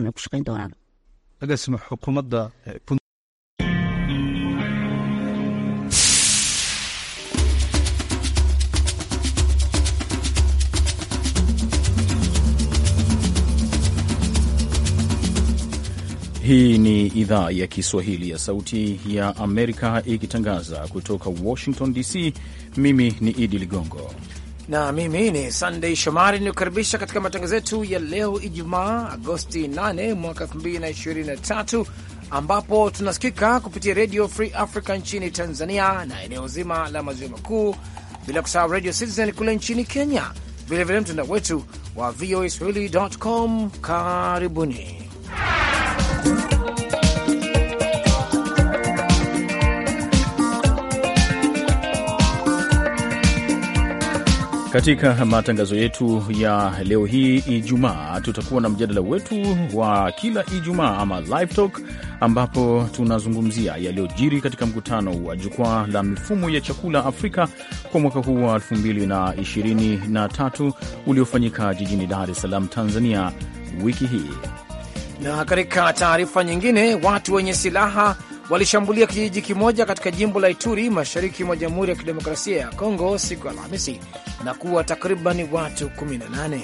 Ku doonaan xukuumadda Hii ni idhaa ya Kiswahili ya Sauti ya Amerika ikitangaza kutoka Washington DC. Mimi ni Idi Ligongo na mimi ni Sunday Shomari nikukaribisha katika matangazo yetu ya leo Ijumaa Agosti 8 mwaka 2023 ambapo tunasikika kupitia Radio Free Africa nchini Tanzania na eneo zima la maziwa makuu, bila kusahau Radio Citizen kule nchini Kenya, vilevile mtandao wetu wa voa swahili.com. Karibuni. Katika matangazo yetu ya leo hii Ijumaa, tutakuwa na mjadala wetu wa kila Ijumaa ama live talk, ambapo tunazungumzia yaliyojiri katika mkutano wa jukwaa la mifumo ya chakula Afrika kwa mwaka huu wa 2023 uliofanyika jijini Dar es Salaam, Tanzania, wiki hii. Na katika taarifa nyingine, watu wenye silaha walishambulia kijiji kimoja katika jimbo la Ituri mashariki mwa Jamhuri ya Kidemokrasia ya Kongo siku ya Alhamisi na kuwa takriban watu 18.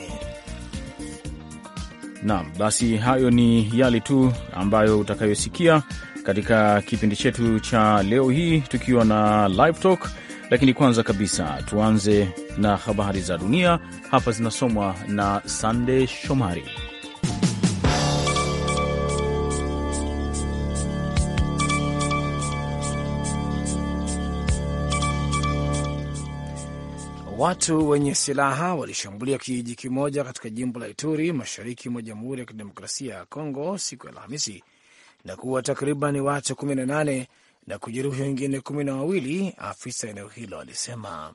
Naam, basi hayo ni yale tu ambayo utakayosikia katika kipindi chetu cha leo hii tukiwa na live talk, lakini kwanza kabisa tuanze na habari za dunia. Hapa zinasomwa na Sande Shomari. Watu wenye silaha walishambulia kijiji kimoja katika jimbo la Ituri mashariki mwa Jamhuri ya Kidemokrasia ya Kongo siku ya Alhamisi na kuwa takriban watu 18 na kujeruhi wengine kumi na wawili, afisa eneo hilo alisema.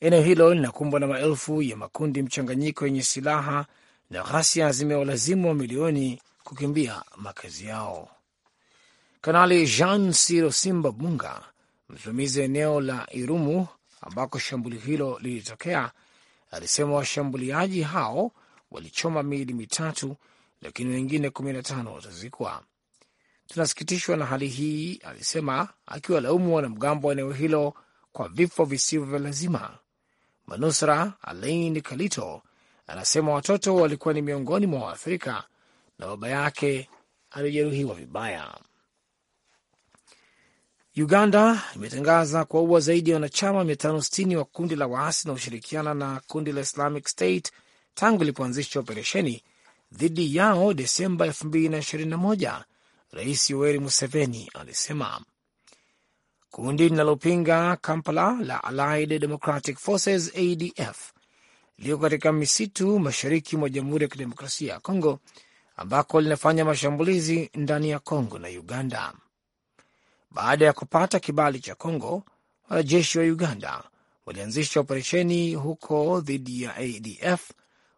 Eneo hilo linakumbwa na maelfu ya makundi mchanganyiko yenye silaha na ghasia zimewalazimu mamilioni kukimbia makazi yao. Kanali Jean Sirosimba Bunga, msimamizi eneo la Irumu, ambako shambulio hilo lilitokea, alisema washambuliaji hao walichoma miili mitatu, lakini wengine 15 watazikwa. Tunasikitishwa na hali hii, alisema akiwalaumu wanamgambo wa eneo hilo kwa vifo visivyo vya lazima. Manusra Alain Kalito anasema watoto walikuwa ni miongoni mwa waathirika na baba yake alijeruhiwa vibaya. Uganda imetangaza kuwaua zaidi ya wanachama 560 wa kundi la waasi wanaoshirikiana na kundi la Islamic State tangu ilipoanzisha operesheni dhidi yao Desemba 2021, Rais Yoweri Museveni alisema. Kundi linalopinga Kampala la Allied Democratic Forces ADF liko katika misitu mashariki mwa Jamhuri ya Kidemokrasia ya Kongo ambako linafanya mashambulizi ndani ya Kongo na Uganda. Baada ya kupata kibali cha congo wanajeshi wa Uganda walianzisha operesheni huko dhidi ya ADF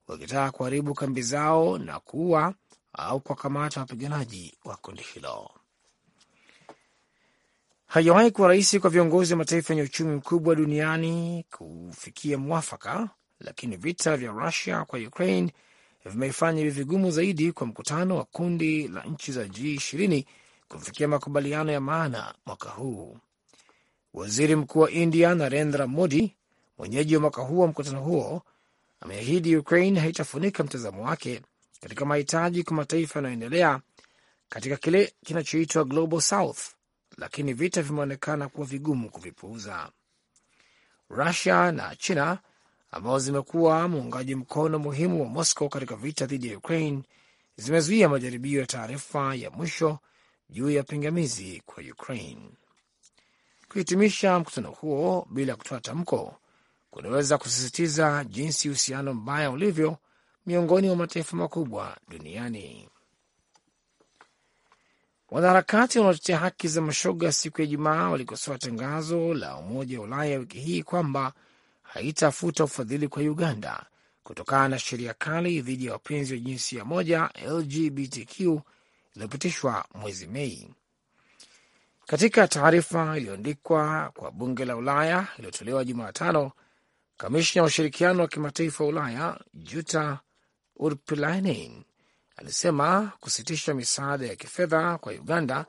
wakitaka kuharibu kambi zao na kuua au kuwakamata wapiganaji wa kundi hilo. Haijawahi kuwa rahisi kwa viongozi wa mataifa yenye uchumi mkubwa duniani kufikia mwafaka, lakini vita vya Rusia kwa Ukraine vimeifanya hivi vigumu zaidi kwa mkutano wa kundi la nchi za g ishirini kufikia makubaliano ya maana mwaka huu. Waziri Mkuu wa India Narendra Modi, mwenyeji wa mwaka huu wa mkutano huo, ameahidi Ukraine haitafunika mtazamo wake katika mahitaji kwa mataifa yanayoendelea katika kile kinachoitwa Global South, lakini vita vimeonekana kuwa vigumu kuvipuuza. Rusia na China ambazo zimekuwa muungaji mkono muhimu wa Moscow katika vita dhidi ya Ukraine zimezuia majaribio ya taarifa ya mwisho juu ya pingamizi kwa Ukraine. Kuhitimisha mkutano huo bila kutoa tamko kunaweza kusisitiza jinsi uhusiano mbaya ulivyo miongoni mwa mataifa makubwa duniani. Wanaharakati wanaotetea haki za mashoga siku ya Ijumaa walikosoa tangazo la Umoja wa Ulaya wiki hii kwamba haitafuta ufadhili kwa Uganda kutokana na sheria kali dhidi ya wapenzi wa jinsia moja LGBTQ iliyopitishwa mwezi Mei. Katika taarifa iliyoandikwa kwa bunge la Ulaya iliyotolewa Jumatano, kamishna wa ushirikiano wa kimataifa wa Ulaya Jutta Urpilainen alisema kusitisha misaada ya kifedha kwa Uganda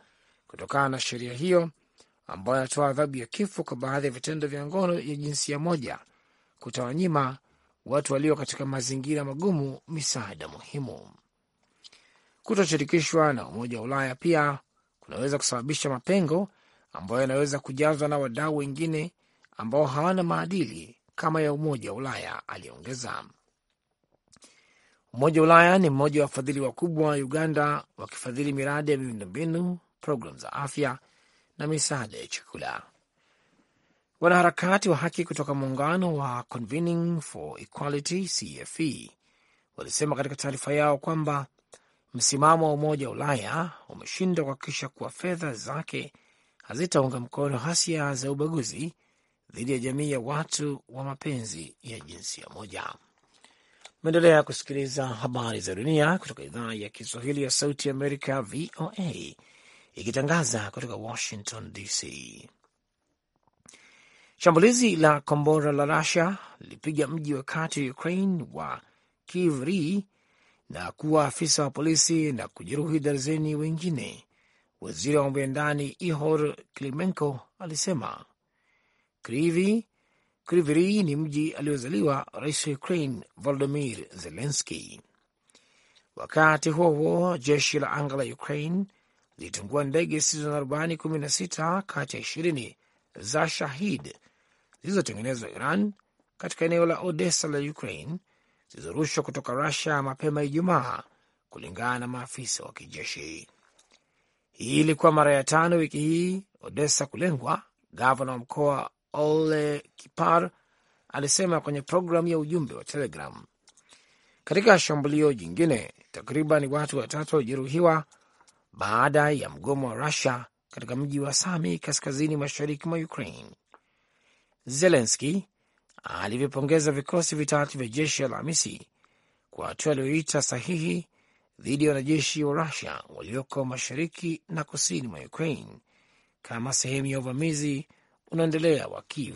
kutokana na sheria hiyo ambayo inatoa adhabu ya kifo kwa baadhi ya vitendo vya ngono ya jinsia moja kutawanyima watu walio katika mazingira magumu misaada muhimu kutoshirikishwa na Umoja wa Ulaya pia kunaweza kusababisha mapengo ambayo yanaweza kujazwa na wadau wengine ambao hawana maadili kama ya Umoja wa Ulaya, aliongeza. Umoja wa Ulaya ni mmoja wa wafadhili wakubwa wa Uganda, wakifadhili miradi ya miundombinu, programu za afya na misaada ya chakula. Wanaharakati wa haki kutoka muungano wa Convening for Equality CFE walisema katika taarifa yao kwamba msimamo wa Umoja wa Ulaya umeshindwa kuhakikisha kuwa fedha zake hazitaunga mkono hasia za ubaguzi dhidi ya jamii ya watu wa mapenzi ya jinsia moja. maendelea kusikiliza habari za dunia kutoka idhaa ya Kiswahili ya Sauti Amerika, VOA, ikitangaza kutoka Washington DC. Shambulizi la kombora la Rusia lilipiga mji wa kati wa Ukraine wa Kivri na kuwa afisa wa polisi na kujeruhi darzeni wengine. Waziri wa mambo ya ndani Ihor Klimenko alisema Krivi Kriviri ni mji aliozaliwa rais wa Ukraine Volodimir Zelenski. Wakati huo huo, jeshi la anga la Ukraine lilitungua ndege zisizo na rubani 16 kati ya 20 za Shahid zilizotengenezwa Iran katika eneo la Odessa la Ukraine zilizorushwa kutoka Rusia mapema Ijumaa, kulingana na maafisa wa kijeshi. Hii ilikuwa mara ya tano wiki hii Odessa kulengwa. Gavana wa mkoa Ole Kipar alisema kwenye programu ya ujumbe wa Telegram. Katika shambulio jingine, takriban watu watatu walijeruhiwa baada ya mgomo wa Rusia katika mji wa Sami kaskazini mashariki mwa Ukraine. Zelenski alivyopongeza vikosi vitatu vya jeshi Alhamisi kwa hatua aliyoita sahihi dhidi ya wanajeshi wa Rusia walioko mashariki na kusini mwa Ukraine kama sehemu ya uvamizi unaoendelea wa Kiev.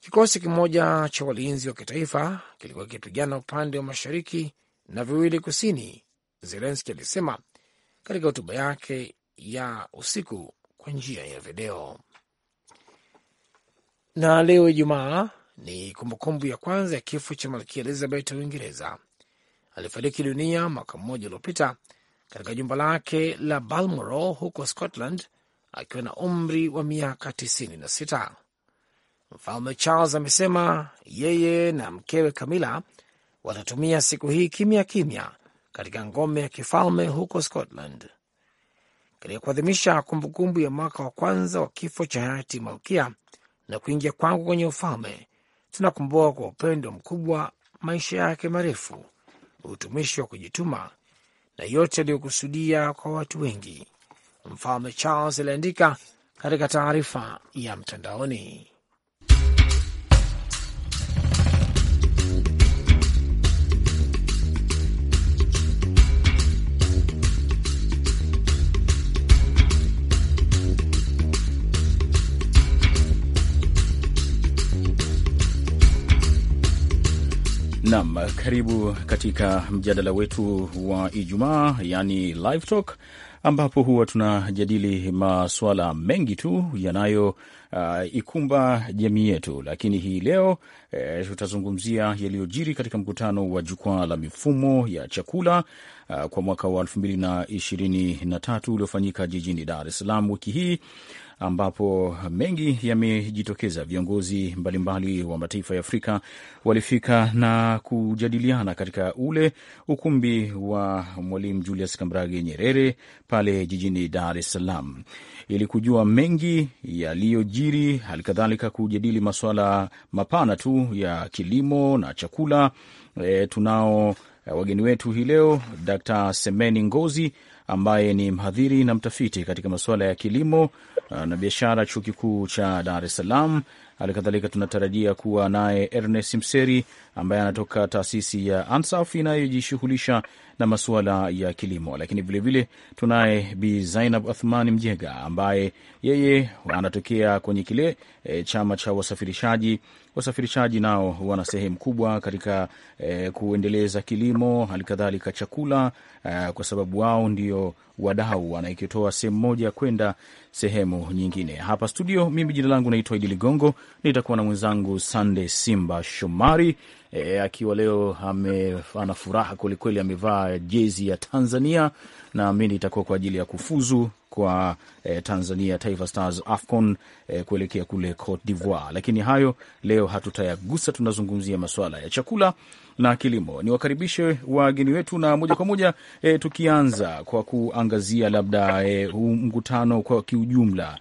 Kikosi kimoja cha walinzi wa kitaifa kilikuwa kikipigana upande wa mashariki na viwili kusini, Zelenski alisema katika hotuba yake ya usiku kwa njia ya video na leo Ijumaa ni kumbukumbu ya kwanza ya kifo cha malkia Elizabeth wa Uingereza. Alifariki dunia mwaka mmoja uliopita katika jumba lake la Balmoral huko Scotland akiwa na umri wa miaka 96. Mfalme Charles amesema yeye na mkewe Camilla watatumia siku hii kimya kimya katika ngome ya kifalme huko Scotland. Katika kuadhimisha kumbukumbu ya mwaka wa kwanza wa kifo cha hayati malkia, na kuingia kwangu kwenye ufalme, tunakumbuka kwa upendo mkubwa maisha yake marefu, utumishi wa kujituma na yote aliyokusudia kwa watu wengi, Mfalme Charles aliandika katika taarifa ya mtandaoni. Nam, karibu katika mjadala wetu wa Ijumaa, yani live talk, ambapo huwa tunajadili masuala mengi tu yanayo uh, ikumba jamii yetu, lakini hii leo eh, tutazungumzia yaliyojiri katika mkutano wa jukwaa la mifumo ya chakula uh, kwa mwaka wa 223 uliofanyika jijini Dar es Salaam wiki hii ambapo mengi yamejitokeza. Viongozi mbalimbali wa mataifa ya Afrika walifika na kujadiliana katika ule ukumbi wa Mwalimu Julius Kambarage Nyerere pale jijini Dar es Salaam ili kujua mengi yaliyojiri, halikadhalika kujadili masuala mapana tu ya kilimo na chakula. E, tunao eh, wageni wetu hii leo Dr. Semeni Ngozi ambaye ni mhadhiri na mtafiti katika masuala ya kilimo uh, na biashara, chuo kikuu cha Dar es Salaam. Hali kadhalika tunatarajia kuwa naye Ernest Mseri ambaye anatoka taasisi ya ANSAF inayojishughulisha na masuala ya kilimo, lakini vilevile tunaye Bi Zainab Athmani Mjega ambaye yeye anatokea kwenye kile e, chama cha wasafirishaji. Wasafirishaji nao wana sehemu kubwa katika e, kuendeleza kilimo, hali kadhalika chakula e, kwa sababu wao ndio wadau wanaikitoa sehemu moja kwenda sehemu nyingine. Hapa studio, mimi jina langu naitwa Idi Ligongo, nitakuwa na mwenzangu Sande Simba Shomari e, akiwa leo ana furaha kwelikweli, amevaa jezi ya Tanzania. Naamini itakuwa kwa ajili ya kufuzu kwa e, Tanzania Taifa Stars AFCON e, kuelekea kule Cote d'Ivoire. Lakini hayo leo hatutayagusa, tunazungumzia masuala ya chakula na kilimo. Ni wakaribishe wageni wetu na moja kwa moja e, tukianza kwa kuangazia labda e, mkutano kwa kiujumla.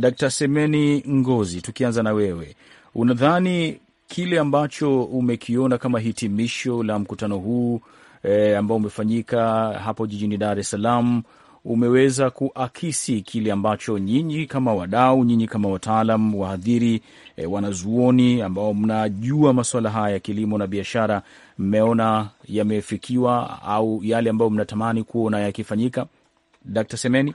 Dkt Semeni Ngozi, tukianza na wewe, unadhani kile ambacho umekiona kama hitimisho la mkutano huu e, ambao umefanyika hapo jijini Dar es Salaam umeweza kuakisi kile ambacho nyinyi kama wadau, nyinyi kama wataalam, wahadhiri, e, wanazuoni ambao mnajua masuala haya ya kilimo na biashara, mmeona yamefikiwa au yale ambayo mnatamani kuona yakifanyika? Dkt. Semeni.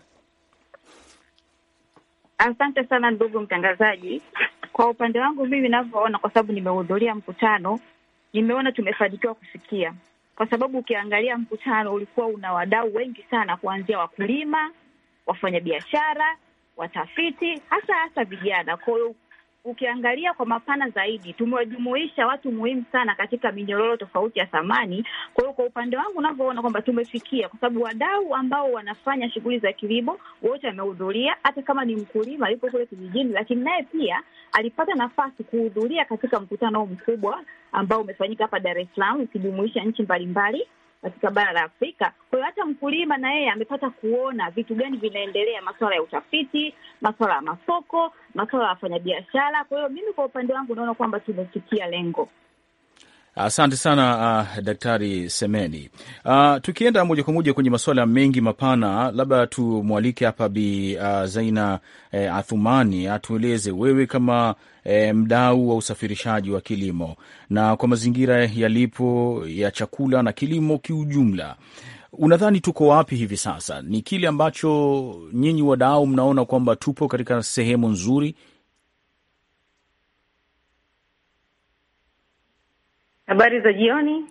Asante sana ndugu mtangazaji. Kwa upande wangu mimi ninavyoona, kwa sababu nimehudhuria mkutano, nimeona tumefanikiwa kufikia, kwa sababu ukiangalia mkutano ulikuwa una wadau wengi sana, kuanzia wakulima, wafanyabiashara, watafiti, hasa hasa vijana. Kwa hiyo ukiangalia kwa mapana zaidi, tumewajumuisha watu muhimu sana katika minyororo tofauti ya thamani. Kwa hiyo kwa upande wangu unavyoona kwamba tumefikia, kwa sababu wadau ambao wanafanya shughuli za kilimo wote wamehudhuria. Hata kama ni mkulima yupo kule kijijini, lakini naye pia alipata nafasi kuhudhuria katika mkutano mkubwa ambao umefanyika hapa Dar es Salaam, ukijumuisha nchi mbalimbali mbali katika bara la Afrika. Kwa hiyo hata mkulima na yeye amepata kuona vitu gani vinaendelea, masuala ya utafiti, masuala ya masoko, masuala ya wafanyabiashara. Kwa hiyo mimi kwa upande wangu naona kwamba tumefikia lengo. Asante sana uh, Daktari Semeni. Uh, tukienda moja kwa moja kwenye masuala mengi mapana, labda tumwalike hapa Bi uh, Zaina eh, Athumani atueleze wewe kama eh, mdau wa usafirishaji wa kilimo na kwa mazingira yalipo ya chakula na kilimo kiujumla, unadhani tuko wapi hivi sasa? Ni kile ambacho nyinyi wadau mnaona kwamba tupo katika sehemu nzuri Habari za jioni.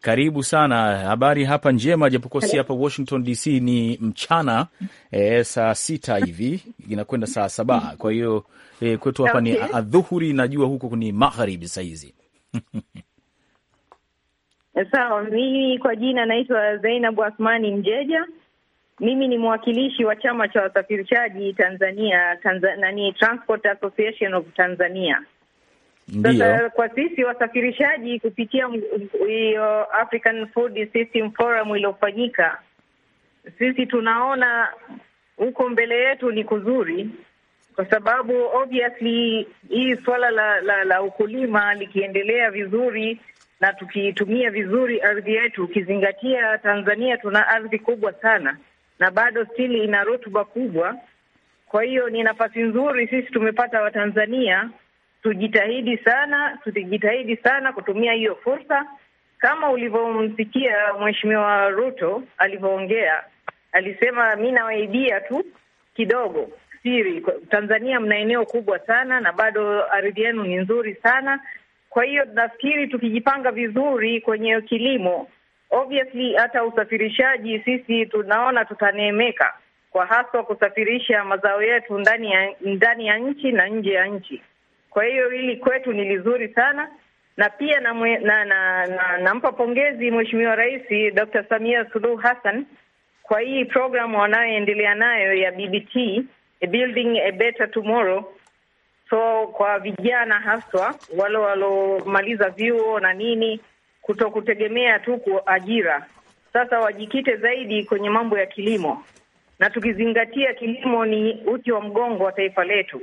Karibu sana. Habari hapa njema, japokuwa si hapa Washington DC, ni mchana e, saa sita hivi inakwenda saa saba kwa hiyo e, kwetu hapa ni adhuhuri, najua huko ni magharibi sahizi. Sawa. Mimi kwa jina naitwa Zainabu Athmani Mjeja. Mimi ni mwakilishi wa chama cha wasafirishaji Tanzania, Tanzania Transport Association of Tanzania. Sasa kwa sisi wasafirishaji kupitia hiyo African Food System Forum iliyofanyika, sisi tunaona huko mbele yetu ni kuzuri, kwa sababu obviously hii swala la, la, la ukulima likiendelea vizuri na tukiitumia vizuri ardhi yetu, ukizingatia Tanzania tuna ardhi kubwa sana na bado stili ina rutuba kubwa. Kwa hiyo ni nafasi nzuri sisi tumepata Watanzania tujitahidi sana, tujitahidi sana kutumia hiyo fursa. Kama ulivyomsikia Mheshimiwa Ruto alivyoongea, alisema mi nawaidia tu kidogo siri. Tanzania mna eneo kubwa sana na bado ardhi yenu ni nzuri sana. Kwa hiyo nafikiri tukijipanga vizuri kwenye kilimo, obviously hata usafirishaji sisi tunaona tutaneemeka, kwa haswa kusafirisha mazao yetu ndani ya ndani ya nchi na nje ya nchi. Kwa hiyo hili kwetu ni lizuri sana na pia nampa na, na, na, na pongezi Mheshimiwa Rais Dr. Samia Suluhu Hassan kwa hii programu wanayoendelea nayo ya BBT, eh, Building a Better Tomorrow. So kwa vijana haswa wale walomaliza vyuo na nini, kutokutegemea tu kwa ajira, sasa wajikite zaidi kwenye mambo ya kilimo, na tukizingatia kilimo ni uti wa mgongo wa taifa letu.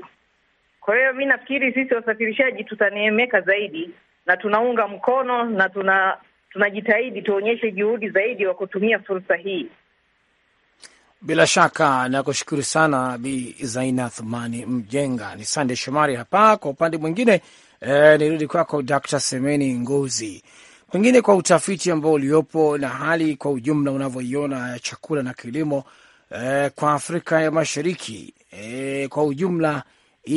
Kwa hiyo mi nafikiri sisi wasafirishaji tutaneemeka zaidi, na tunaunga mkono na tuna tunajitahidi tuonyeshe juhudi zaidi wa kutumia fursa hii. Bila shaka nakushukuru sana Bi Zaina Thumani Mjenga. Ni Sande Shomari hapa kwa upande mwingine. E, nirudi kwako Dr. Semeni Ngozi, pengine kwa utafiti ambao uliopo na hali kwa ujumla unavyoiona ya chakula na kilimo e, kwa Afrika ya Mashariki e, kwa ujumla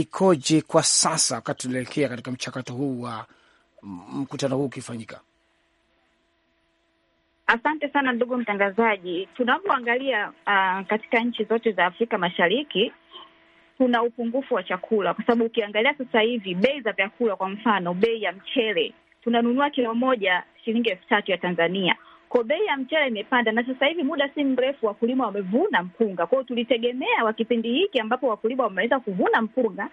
ikoje kwa sasa, wakati tunaelekea katika mchakato huu wa mkutano huu ukifanyika? Asante sana ndugu mtangazaji. Tunapoangalia uh, katika nchi zote za Afrika Mashariki kuna upungufu wa chakula, kwa sababu ukiangalia sasa hivi bei za vyakula, kwa mfano bei ya mchele tunanunua kilo moja shilingi elfu tatu ya Tanzania, kwa bei ya mchele imepanda, na sasa hivi muda si mrefu wakulima wamevuna mpunga. Kwa hiyo tulitegemea kwa kipindi hiki ambapo wakulima wameweza kuvuna mpunga,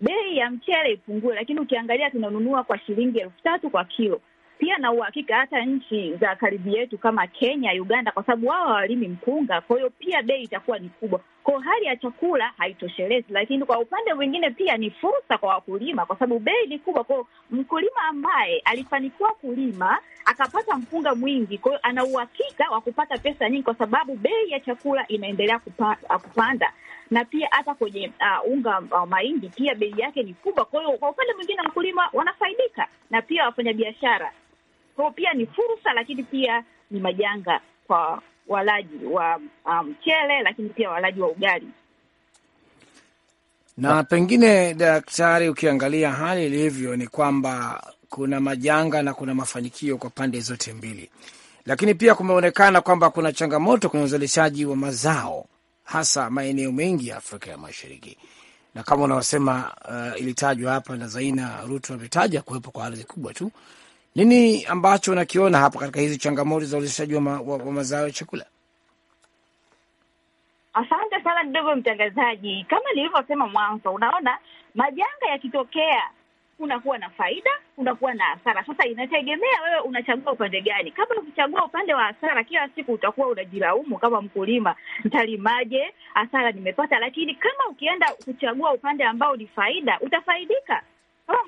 bei ya mchele ipungue, lakini ukiangalia tunanunua kwa shilingi elfu tatu kwa kilo pia na uhakika hata nchi za karibu yetu kama Kenya, Uganda, kwa sababu wao hawalimi mpunga, kwa hiyo pia bei itakuwa ni kubwa. Kwa hali ya chakula haitoshelezi, lakini kwa upande mwingine pia ni fursa kwa wakulima, kwa sababu bei ni kubwa. Kwa mkulima ambaye alifanikiwa kulima akapata mpunga mwingi, kwa hiyo ana uhakika wa kupata pesa nyingi, kwa sababu bei ya chakula inaendelea kupanda na pia hata kwenye uh, unga uh, mahindi pia bei yake ni kubwa. Kwa hiyo kwa upande mwingine wakulima wanafaidika na pia wafanyabiashara. Kwa hiyo pia ni fursa, lakini pia ni majanga kwa walaji wa mchele um, lakini pia walaji wa ugali na pengine daktari, ukiangalia hali ilivyo ni kwamba kuna majanga na kuna mafanikio kwa pande zote mbili, lakini pia kumeonekana kwamba kuna changamoto kwenye uzalishaji wa mazao hasa maeneo mengi ya Afrika ya Mashariki, na kama unaosema uh, ilitajwa hapa na Zaina Rutu ametaja kuwepo kwa ardhi kubwa tu, nini ambacho unakiona hapa katika hizi changamoto za uzalishaji wa, ma, wa, wa mazao ya chakula? Asante sana kidogo mtangazaji. Kama nilivyosema mwanzo, unaona majanga yakitokea kunakuwa na faida, kunakuwa na hasara. Sasa inategemea wewe unachagua upande gani. Kama ukichagua upande wa hasara, kila siku utakuwa unajilaumu kama mkulima, ntalimaje Hasara nimepata. Lakini kama ukienda kuchagua upande ambao ni faida, utafaidika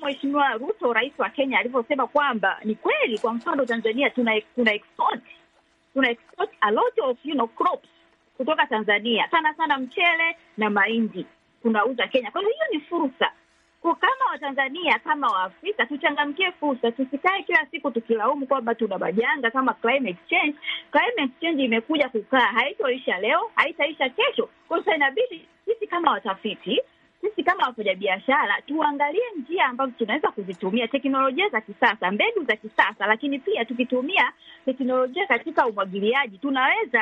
Mheshimiwa Ruto, rais wa Kenya, alivyosema kwamba ni kweli, kwa mfano Tanzania tuna, tuna export tuna export a lot of you know crops kutoka Tanzania, sana sana mchele na mahindi tunauza Kenya. Kwa hiyo hiyo ni fursa kwa kama Watanzania kama Waafrika tuchangamkie fursa, tusikae kila siku tukilaumu kwamba tuna majanga kama climate change. Climate change imekuja kukaa, haitoisha leo, haitaisha kesho. Kwa sasa inabidi sisi kama watafiti sisi kama wafanyabiashara tuangalie njia ambazo tunaweza kuzitumia teknolojia za kisasa, mbegu za kisasa, lakini pia tukitumia teknolojia katika umwagiliaji tunaweza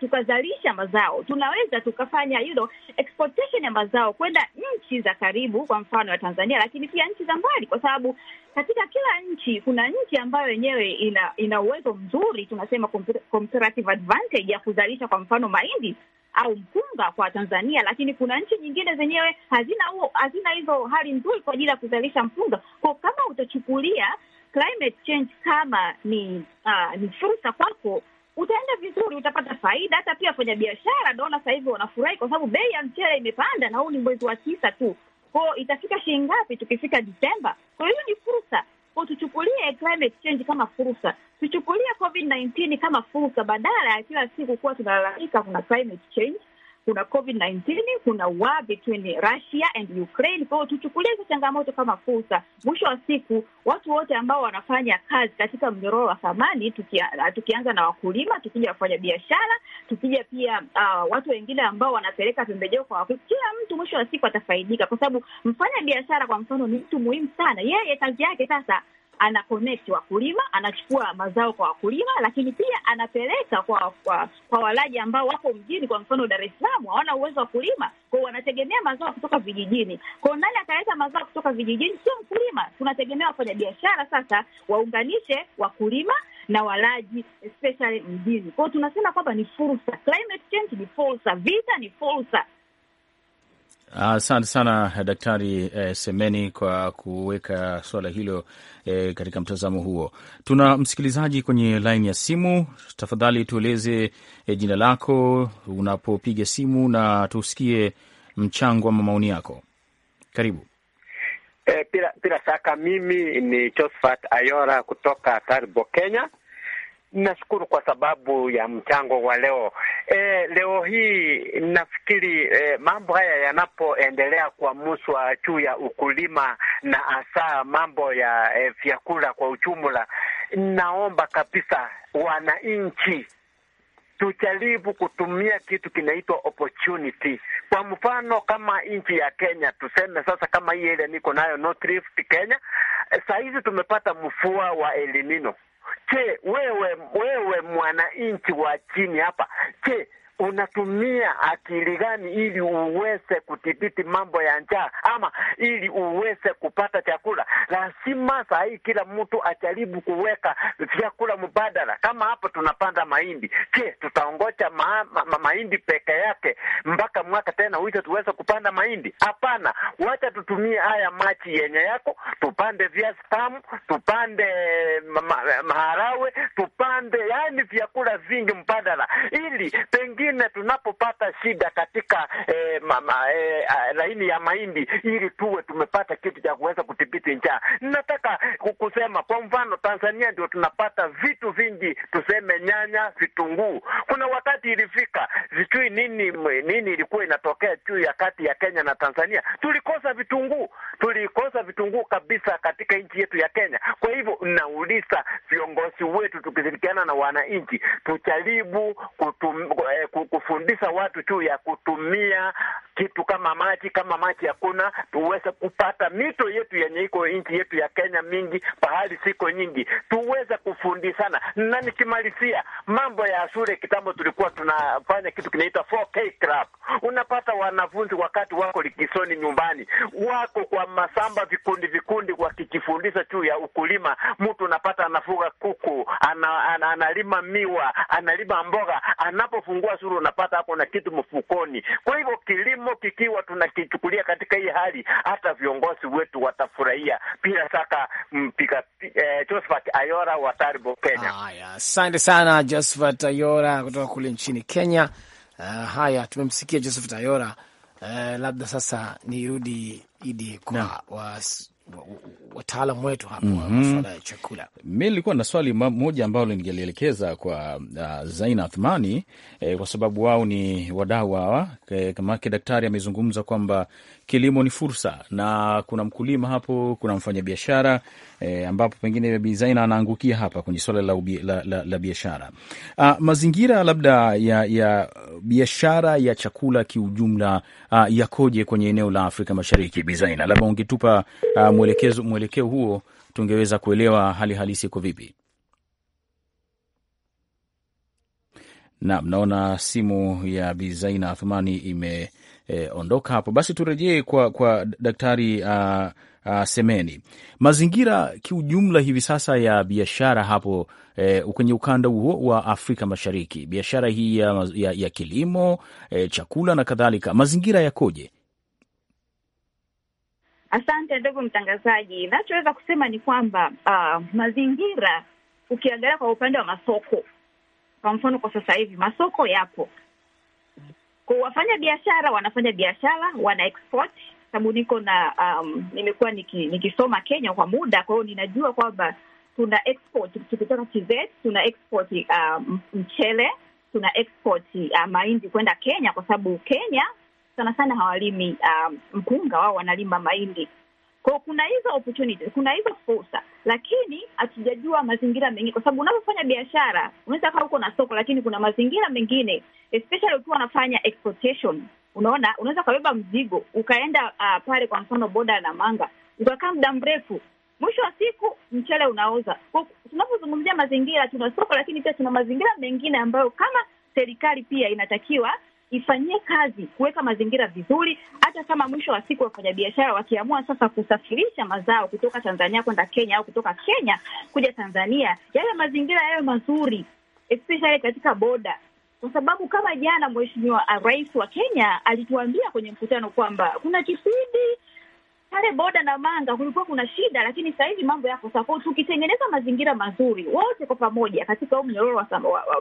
tukazalisha tuka mazao, tunaweza tukafanya hilo exportation ya mazao kwenda nchi za karibu, kwa mfano ya Tanzania, lakini pia nchi za mbali, kwa sababu katika kila nchi kuna nchi ambayo yenyewe ina ina uwezo mzuri, tunasema comparative advantage ya kuzalisha kwa mfano mahindi au mpunga kwa Tanzania, lakini kuna nchi nyingine zenyewe hazina huo, hazina hizo hali nzuri kwa ajili ya kuzalisha mpunga. Kwa kama utachukulia climate change kama ni uh, ni fursa kwako, utaenda vizuri, utapata faida. Hata pia wafanya biashara naona sasa hivi wanafurahi kwa sababu bei ya mchele imepanda, na huu ni mwezi wa tisa tu. Kwao itafika shilingi ngapi tukifika Disemba? Kwa hiyo ni fursa kwa tuchukulie climate change kama fursa, tuchukulie covid-19 kama fursa, badala ya kila siku kuwa tunalalamika kuna climate change kuna covid 19 kuna war between Russia and Ukraine. kwao tuchukulie hizo changamoto kama fursa. Mwisho wa siku, watu wote ambao wanafanya kazi katika mnyororo wa thamani, tukia, uh, tukianza na wakulima, tukija wafanya biashara, tukija pia uh, watu wengine ambao wanapeleka pembejeo kwa wakulima, kila mtu mwisho wa siku atafaidika, kwa sababu mfanya biashara kwa mfano ni mtu muhimu sana. Yeye kazi yake sasa ana connect wakulima, anachukua mazao kwa wakulima, lakini pia anapeleka kwa kwa, kwa walaji ambao wako mjini. Kwa mfano Dar es Salaam hawana uwezo wa kulima, kwao wanategemea mazao kutoka vijijini. Kwao nani ataleta mazao kutoka vijijini? Sio mkulima. Tunategemea wafanya biashara sasa waunganishe wakulima na walaji especially mjini. Kwao tunasema kwamba ni fursa, climate change ni fursa, vita ni fursa. Asante sana Daktari eh, Semeni kwa kuweka swala hilo eh, katika mtazamo huo. Tuna msikilizaji kwenye laini ya simu. Tafadhali tueleze eh, jina lako unapopiga simu na tusikie mchango ama maoni yako. Karibu. Eh, bila, bila shaka mimi ni Josephat Ayora kutoka Taribo, Kenya. Nashukuru kwa sababu ya mchango wa leo. E, leo hii nafikiri e, mambo haya yanapoendelea kuamuswa juu ya ukulima na hasa mambo ya e, vyakula kwa ujumla, naomba kabisa wananchi tujaribu kutumia kitu kinaitwa opportunity. Kwa mfano kama nchi ya Kenya, tuseme sasa, kama hii ile niko nayo North Rift Kenya, saa hizi tumepata mfua wa El Nino Je, wewe wewe mwananchi wa chini hapa, je, unatumia akili gani ili uweze kudhibiti mambo ya njaa ama ili uweze kupata chakula? Lazima saa hii kila mtu ajaribu kuweka vyakula mbadala. Kama hapo tunapanda mahindi, je, tutaongoja ma, ma, ma, mahindi peke yake mpaka mwaka tena uite tuweze kupanda mahindi? Hapana, wacha tutumie haya maji yenye yako, tupande viazi tamu, tupande ma, ma, maharawe, tupande yani vyakula vingi mbadala ili pengine Pengine tunapopata shida katika eh, mama, eh, ah, laini ya mahindi, ili tuwe tumepata kitu cha kuweza kudhibiti njaa. Nataka kusema kwa mfano, Tanzania ndio tunapata vitu vingi, tuseme nyanya, vitunguu. Kuna wakati ilifika sijui nini nini ilikuwa inatokea juu ya kati ya Kenya na Tanzania, tulikosa vitunguu tulikosa vitunguu kabisa katika nchi yetu ya Kenya. Kwa hivyo nauliza viongozi wetu, tukishirikiana na wananchi, tujaribu eh, kufundisha watu juu ya kutumia kitu kama maji. Kama maji hakuna, tuweze kupata mito yetu yenye iko nchi yetu ya Kenya mingi, pahali siko nyingi, tuweze kufundishana. Na nikimalizia mambo ya shule, kitambo tulikuwa tunafanya kitu kinaitwa 4K club. Unapata wanafunzi wakati wako likisoni nyumbani, wako kwa masamba, vikundi vikundi, wakijifundisha juu ya ukulima. Mtu unapata anafuga kuku, ana, ana, analima miwa, analima mboga. Anapofungua shule, unapata hapo na kitu mfukoni. Kwa hivyo kilimo Kilimo kikiwa tunakichukulia katika hii hali, hata viongozi wetu watafurahia pia saka Mpika mm, eh, Josephat Ayora wa Taribo, Kenya. Haya, asante sana Josephat Ayora kutoka kule nchini Kenya. Uh, haya tumemsikia Josephat Ayora. Uh, labda sasa nirudi Idi kwa wataalam wetu hapa mm -hmm. masuala ya chakula. Mi nilikuwa na swali moja ambalo ningelielekeza kwa uh, Zaina Athmani eh, kwa sababu wao ni wadau hawa. Eh, Kamake daktari amezungumza kwamba kilimo ni fursa, na kuna mkulima hapo, kuna mfanyabiashara e, ambapo pengine bizaina anaangukia hapa kwenye swala la, la, la, la biashara. Ah, mazingira labda ya, ya biashara ya chakula kiujumla ah, yakoje kwenye eneo la Afrika Mashariki? Bizaina, labda ungetupa ah, mwelekezo, mwelekeo huo tungeweza kuelewa hali halisi iko vipi? Naam, naona simu ya Bi Zaina Athumani imeondoka e, hapo. Basi turejee kwa, kwa Daktari a, a, Semeni, mazingira kiujumla hivi sasa ya biashara hapo e, kwenye ukanda huo wa Afrika Mashariki, biashara hii ya, ya, ya kilimo e, chakula na kadhalika, mazingira yakoje? Asante ndugu mtangazaji, nachoweza kusema ni kwamba uh, mazingira ukiangalia kwa upande wa masoko kwa mfano, kwa sasa hivi masoko yapo kwa wafanya biashara, wanafanya biashara, wana export sababu niko na um, nimekuwa niki, nikisoma Kenya kwa muda, kwa hiyo ninajua kwamba tuna export tukitoka TVET tuna export um, mchele tuna export uh, mahindi kwenda Kenya, kwa sababu Kenya sana sana hawalimi um, mkunga wao wanalima mahindi kwao kuna hizo opportunity, kuna hizo fursa, lakini hatujajua mazingira mengine, kwa sababu unapofanya biashara unaweza kaa huko na soko, lakini kuna mazingira mengine, especially ukiwa unafanya exportation, unaona, unaweza ukabeba mzigo ukaenda uh, pale kwa mfano boda na manga ukakaa muda mrefu, mwisho wa siku mchele unaoza. Tunapozungumzia mazingira, tuna soko, lakini pia tuna mazingira mengine ambayo kama serikali pia inatakiwa ifanyie kazi kuweka mazingira vizuri, hata kama mwisho wa siku wafanyabiashara wakiamua sasa kusafirisha mazao kutoka Tanzania kwenda Kenya au kutoka Kenya kuja Tanzania, yale mazingira yayo mazuri, especially katika boda kwa sababu kama jana Mheshimiwa uh, Rais wa Kenya alituambia kwenye mkutano kwamba kuna kipindi pale boda na manga kulikuwa kuna shida, lakini sasa hivi mambo yako sawa. Tukitengeneza mazingira mazuri wote kwa pamoja katika huu mnyororo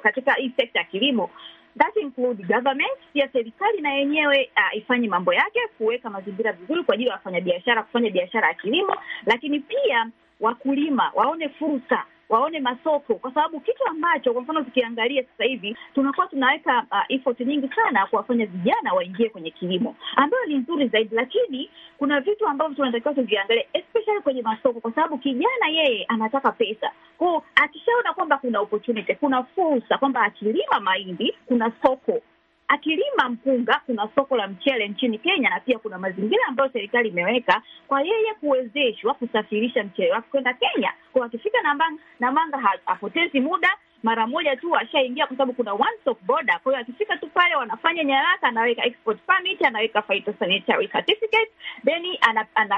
katika hii sekta ya kilimo, that include government, pia serikali na yenyewe uh, ah, ifanye mambo yake kuweka mazingira vizuri kwa ajili ya wafanyabiashara kufanya biashara ya kilimo, lakini pia wakulima waone fursa waone masoko, kwa sababu kitu ambacho kwa mfano tukiangalia sasa hivi tunakuwa tunaweka uh, effort nyingi sana kuwafanya vijana waingie kwenye kilimo ambayo ni nzuri zaidi, lakini kuna vitu ambavyo tunatakiwa tuviangalie, especially kwenye masoko, kwa sababu kijana yeye anataka pesa ko Akishaona kwamba kuna opportunity, kuna fursa kwamba akilima mahindi kuna soko akilima mpunga, kuna soko la mchele nchini Kenya na pia kuna mazingira ambayo serikali imeweka kwa yeye kuwezeshwa kusafirisha mchele wake kwenda Kenya, kwa akifika Namanga, Namanga hapotezi muda mara moja tu ashaingia, kwa sababu kuna one stop border. Kwa hiyo akifika tu pale wanafanya nyaraka, anaweka export permit, anaweka phytosanitary certificate, then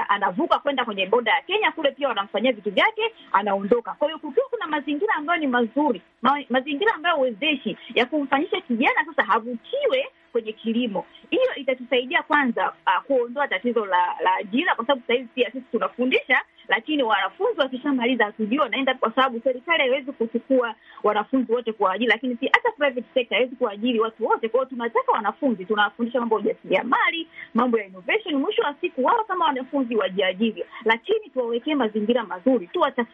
anavuka kwenda kwenye boda ya Kenya. Kule pia wanamfanyia vitu vyake, anaondoka. Kwa hiyo kukiwa kuna mazingira ambayo ni mazuri, ma, mazingira ambayo wezeshi ya kumfanyisha kijana sasa havutiwe kwenye kilimo. Hiyo itatusaidia kwanza uh, kuondoa tatizo la la ajira, kwa sababu sahizi pia sisi tunafundisha, lakini wanafunzi wakishamaliza hatujui wanaenda, kwa sababu serikali haiwezi kuchukua wanafunzi wote kuwaajiri, lakini pia hata private sector haiwezi kuajiri watu wote. Kwa hiyo tunataka wanafunzi, tunawafundisha mambo ya ujasiriamali, mambo ya innovation. Mwisho wa siku wao kama wanafunzi wajiajiri, lakini tuwawekee mazingira mazuri,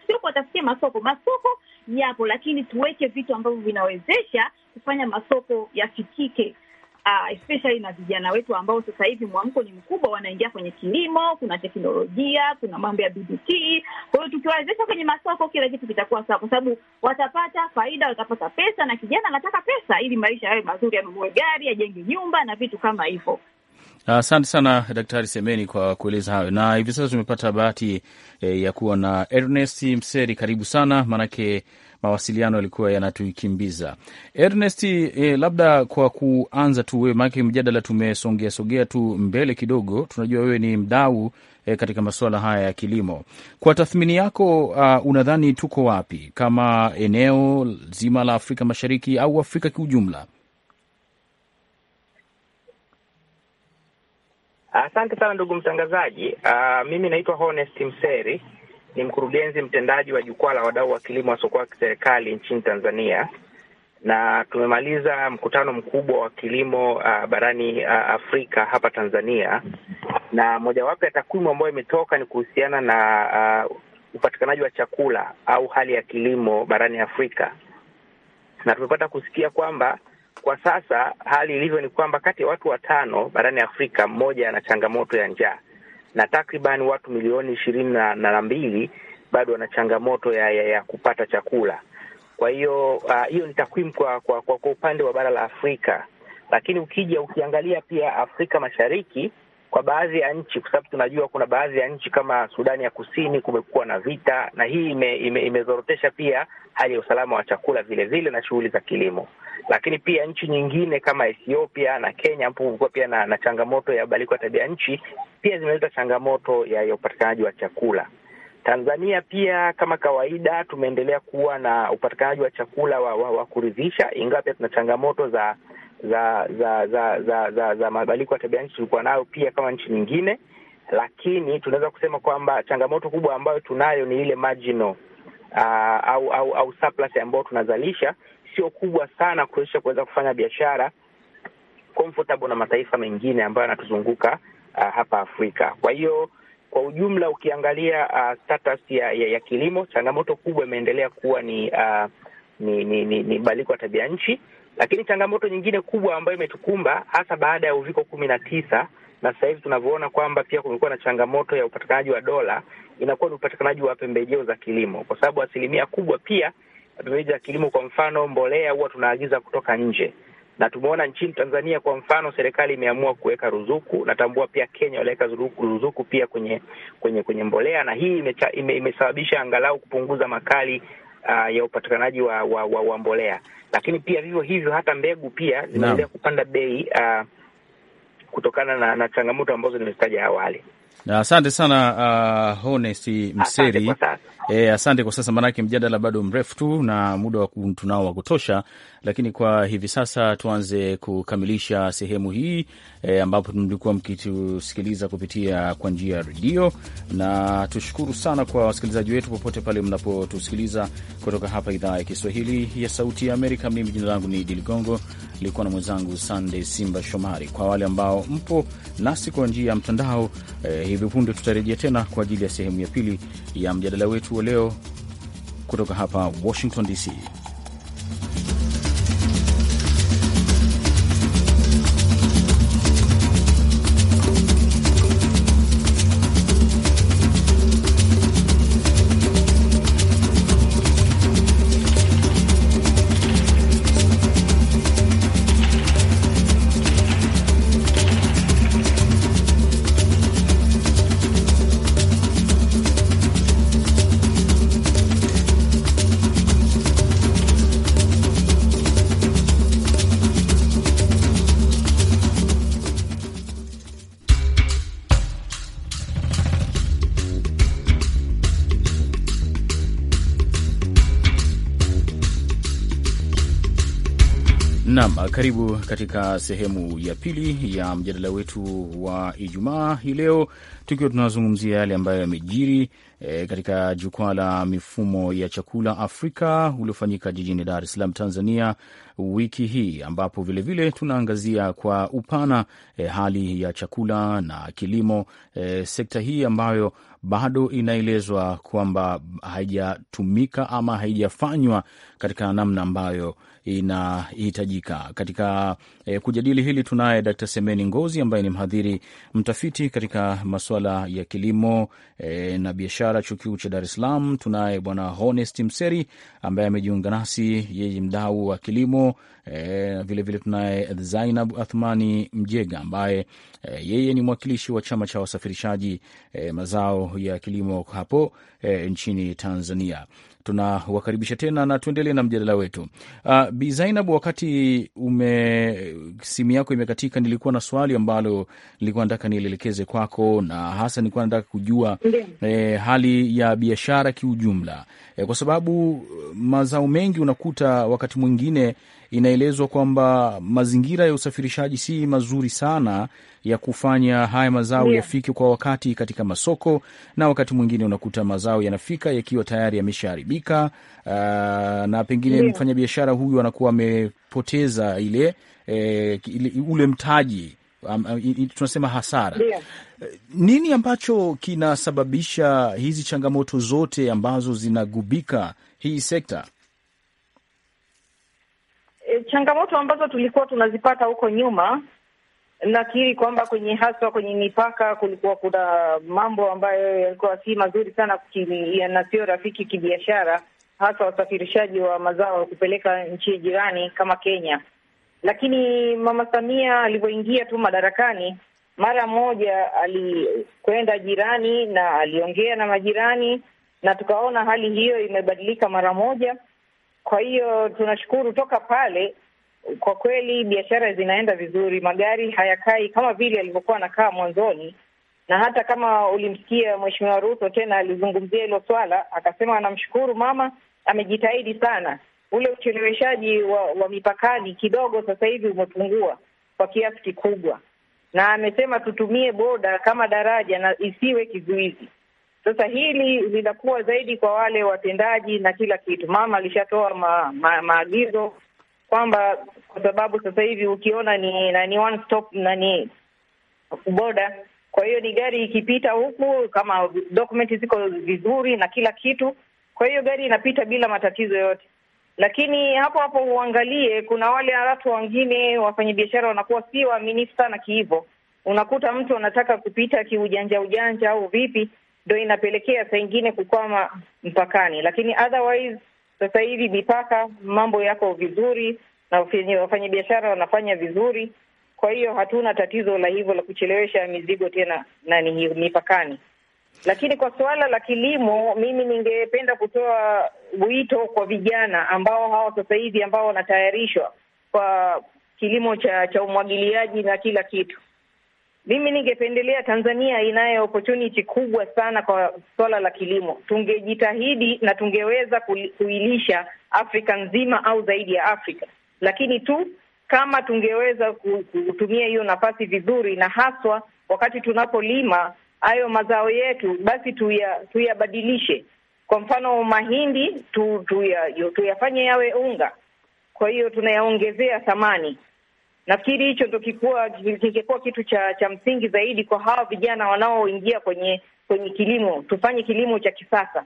sio kuwatafutia masoko. Masoko yapo, lakini tuweke vitu ambavyo vinawezesha kufanya masoko yafikike uh, especially na vijana wetu ambao sasa hivi mwamko ni mkubwa, wanaingia kwenye kilimo, kuna teknolojia, kuna mambo ya BBT. Kwa hiyo tukiwawezesha kwenye masoko, kila kitu kitakuwa sawa, kwa sababu watapata faida, watapata pesa, na kijana anataka pesa ili maisha yawe mazuri, anunue gari, ajenge nyumba na vitu kama hivyo. Asante uh, sana Daktari Semeni kwa kueleza hayo, na hivi sasa tumepata bahati eh, ya kuwa na Ernest Mseri. Karibu sana maanake mawasiliano yalikuwa yanatuikimbiza. Ernest, eh, labda kwa kuanza tu wewe, maanake mjadala tumesongea sogea tu mbele kidogo, tunajua wewe ni mdau eh, katika masuala haya ya kilimo. Kwa tathmini yako, uh, unadhani tuko wapi kama eneo zima la Afrika Mashariki au Afrika kiujumla? Asante sana ndugu mtangazaji. Uh, mimi naitwa Honest Mseri ni mkurugenzi mtendaji wa jukwaa la wadau wa kilimo wasiokuwa wa kiserikali nchini Tanzania, na tumemaliza mkutano mkubwa wa kilimo uh, barani uh, Afrika hapa Tanzania, na mojawapo ya takwimu ambayo imetoka ni kuhusiana na uh, upatikanaji wa chakula au hali ya kilimo barani Afrika, na tumepata kusikia kwamba kwa sasa hali ilivyo ni kwamba kati ya watu watano barani Afrika mmoja ana changamoto ya njaa na takriban watu milioni ishirini na mbili bado wana changamoto ya, ya, ya kupata chakula. Kwa hiyo ah, hiyo uh, ni takwimu kwa, kwa, kwa, kwa upande wa bara la Afrika, lakini ukija ukiangalia pia Afrika Mashariki kwa baadhi ya nchi, kwa sababu tunajua kuna baadhi ya nchi kama Sudani ya Kusini kumekuwa na vita, na hii ime, ime, imezorotesha pia hali ya usalama wa chakula vile vile na shughuli za kilimo. Lakini pia nchi nyingine kama Ethiopia na Kenya ambapo kulikuwa pia na, na changamoto ya badiliko ya tabia nchi pia zimeleta changamoto ya, ya upatikanaji wa chakula. Tanzania pia kama kawaida tumeendelea kuwa na upatikanaji wa chakula wa, wa, wa kuridhisha, ingawa pia tuna changamoto za za za za za za, za mabadiliko ya tabia nchi tulikuwa nayo pia kama nchi nyingine, lakini tunaweza kusema kwamba changamoto kubwa ambayo tunayo ni ile marginal uh, au au au surplus ambayo tunazalisha sio kubwa sana kuwezesha kuweza kufanya biashara comfortable na mataifa mengine ambayo yanatuzunguka uh, hapa Afrika. Kwa hiyo kwa ujumla ukiangalia uh, status ya, ya, ya kilimo, changamoto kubwa imeendelea kuwa ni uh, ni ni, ni, ni badiliko ya tabia nchi lakini changamoto nyingine kubwa ambayo imetukumba hasa baada ya uviko kumi na tisa na sasa hivi tunavyoona kwamba pia kumekuwa na changamoto ya upatikanaji wa dola, inakuwa ni upatikanaji wa pembejeo za kilimo, kwa sababu asilimia kubwa pia pembejeo za kilimo, kwa mfano mbolea, huwa tunaagiza kutoka nje, na tumeona nchini Tanzania kwa mfano serikali imeamua kuweka ruzuku. Natambua pia Kenya waliweka ruzuku pia kwenye kwenye kwenye mbolea, na hii imesababisha ime, ime angalau kupunguza makali uh, ya upatikanaji wa, wa, wa, wa mbolea, lakini pia vivyo hivyo hata mbegu pia zinaendelea kupanda bei uh, kutokana na, na changamoto ambazo nimezitaja awali. Asante sana uh, Honest Mseri. Asante E, asante kwa sasa, maanake mjadala bado mrefu tu na muda tunao wa kutosha, lakini kwa hivi sasa tuanze kukamilisha sehemu hii e, ambapo mlikuwa mkitusikiliza kupitia kwa njia ya redio, na tushukuru sana kwa wasikilizaji wetu popote pale mnapotusikiliza kutoka hapa idhaa ya Kiswahili ya Sauti ya Amerika. Mimi jina langu ni Idi Ligongo, nilikuwa na mwenzangu Sandey Simba Shomari. Kwa wale ambao mpo nasi kwa njia ya mtandao e, hivi punde tutarejea tena kwa ajili ya sehemu ya pili ya mjadala wetu wa leo kutoka hapa Washington DC. nam karibu katika sehemu ya pili ya mjadala wetu wa Ijumaa hii leo, tukiwa tunazungumzia yale ambayo yamejiri e, katika jukwaa la mifumo ya chakula Afrika uliofanyika jijini Dar es Salaam, Tanzania wiki hii, ambapo vilevile tunaangazia kwa upana e, hali ya chakula na kilimo, e, sekta hii ambayo bado inaelezwa kwamba haijatumika ama haijafanywa katika namna ambayo inahitajika. Katika e, kujadili hili tunaye Dkt. Semeni Ngozi ambaye ni mhadhiri mtafiti katika masuala ya kilimo e, na biashara chuo kikuu cha Dar es Salaam. Tunaye Bwana Honest Mseri ambaye amejiunga nasi, yeye mdau wa kilimo E, na vilevile tunaye Zainab Athmani Mjega ambaye e, yeye ni mwakilishi wa chama cha wasafirishaji e, mazao ya kilimo hapo e, nchini Tanzania. Tunawakaribisha tena na tuendelee na mjadala wetu. Uh, Bi Zainab, wakati ume simu yako imekatika, nilikuwa na swali ambalo nilikuwa nataka nielekeze kwako, na hasa nilikuwa nataka kujua e, hali ya biashara kiujumla e, kwa sababu mazao mengi unakuta wakati mwingine inaelezwa kwamba mazingira ya usafirishaji si mazuri sana ya kufanya haya mazao yeah, yafike kwa wakati katika masoko, na wakati mwingine unakuta mazao yanafika yakiwa tayari yameshaharibika, na pengine yeah, mfanyabiashara huyu anakuwa amepoteza ile, e, ile ule mtaji Um, tunasema hasara yeah. Nini ambacho kinasababisha hizi changamoto zote ambazo zinagubika hii sekta? changamoto ambazo tulikuwa tunazipata huko nyuma, nakiri kwamba kwenye haswa kwenye mipaka kulikuwa kuna mambo ambayo yalikuwa si mazuri sana na sio rafiki kibiashara, hasa wasafirishaji wa mazao kupeleka nchi jirani kama Kenya. Lakini Mama Samia alivyoingia tu madarakani, mara moja alikwenda jirani na aliongea na majirani, na tukaona hali hiyo imebadilika mara moja kwa hiyo tunashukuru toka pale, kwa kweli biashara zinaenda vizuri, magari hayakai kama vile yalivyokuwa anakaa mwanzoni, na hata kama ulimsikia Mheshimiwa Ruto tena alizungumzia hilo swala, akasema anamshukuru mama, amejitahidi sana. Ule ucheleweshaji wa, wa mipakani kidogo sasa hivi umepungua kwa kiasi kikubwa, na amesema tutumie boda kama daraja na isiwe kizuizi. Sasa hili linakuwa zaidi kwa wale watendaji na kila kitu. Mama alishatoa ma, ma, maagizo kwamba kwa sababu sasa hivi ukiona ni nani one stop nani boda, kwa hiyo ni gari ikipita huku kama dokumenti ziko vizuri na kila kitu, kwa hiyo gari inapita bila matatizo yote. Lakini hapo hapo uangalie, kuna wale watu wengine wafanyabiashara wanakuwa si waaminifu sana kihivo, unakuta mtu anataka kupita kiujanja ujanja au vipi ndo inapelekea saa ingine kukwama mpakani, lakini otherwise sasa hivi mipaka mambo yako vizuri na wafanyabiashara wanafanya vizuri, kwa hiyo hatuna tatizo la hivyo la kuchelewesha mizigo tena nani mipakani. Lakini kwa suala la kilimo, mimi ningependa kutoa wito kwa vijana ambao hawa sasa hivi ambao wanatayarishwa kwa kilimo cha cha umwagiliaji na kila kitu. Mimi ningependelea Tanzania inayo opportunity kubwa sana kwa swala la kilimo. Tungejitahidi na tungeweza kuilisha Afrika nzima au zaidi ya Afrika, lakini tu kama tungeweza kutumia hiyo nafasi vizuri, na haswa wakati tunapolima hayo mazao yetu, basi tuyabadilishe, tuya kwa mfano mahindi tu, tuyafanye yawe unga, kwa hiyo tunayaongezea thamani Nafikiri hicho ndo kingekuwa kitu cha cha msingi zaidi kwa hawa vijana wanaoingia kwenye kwenye kilimo. Tufanye kilimo cha kisasa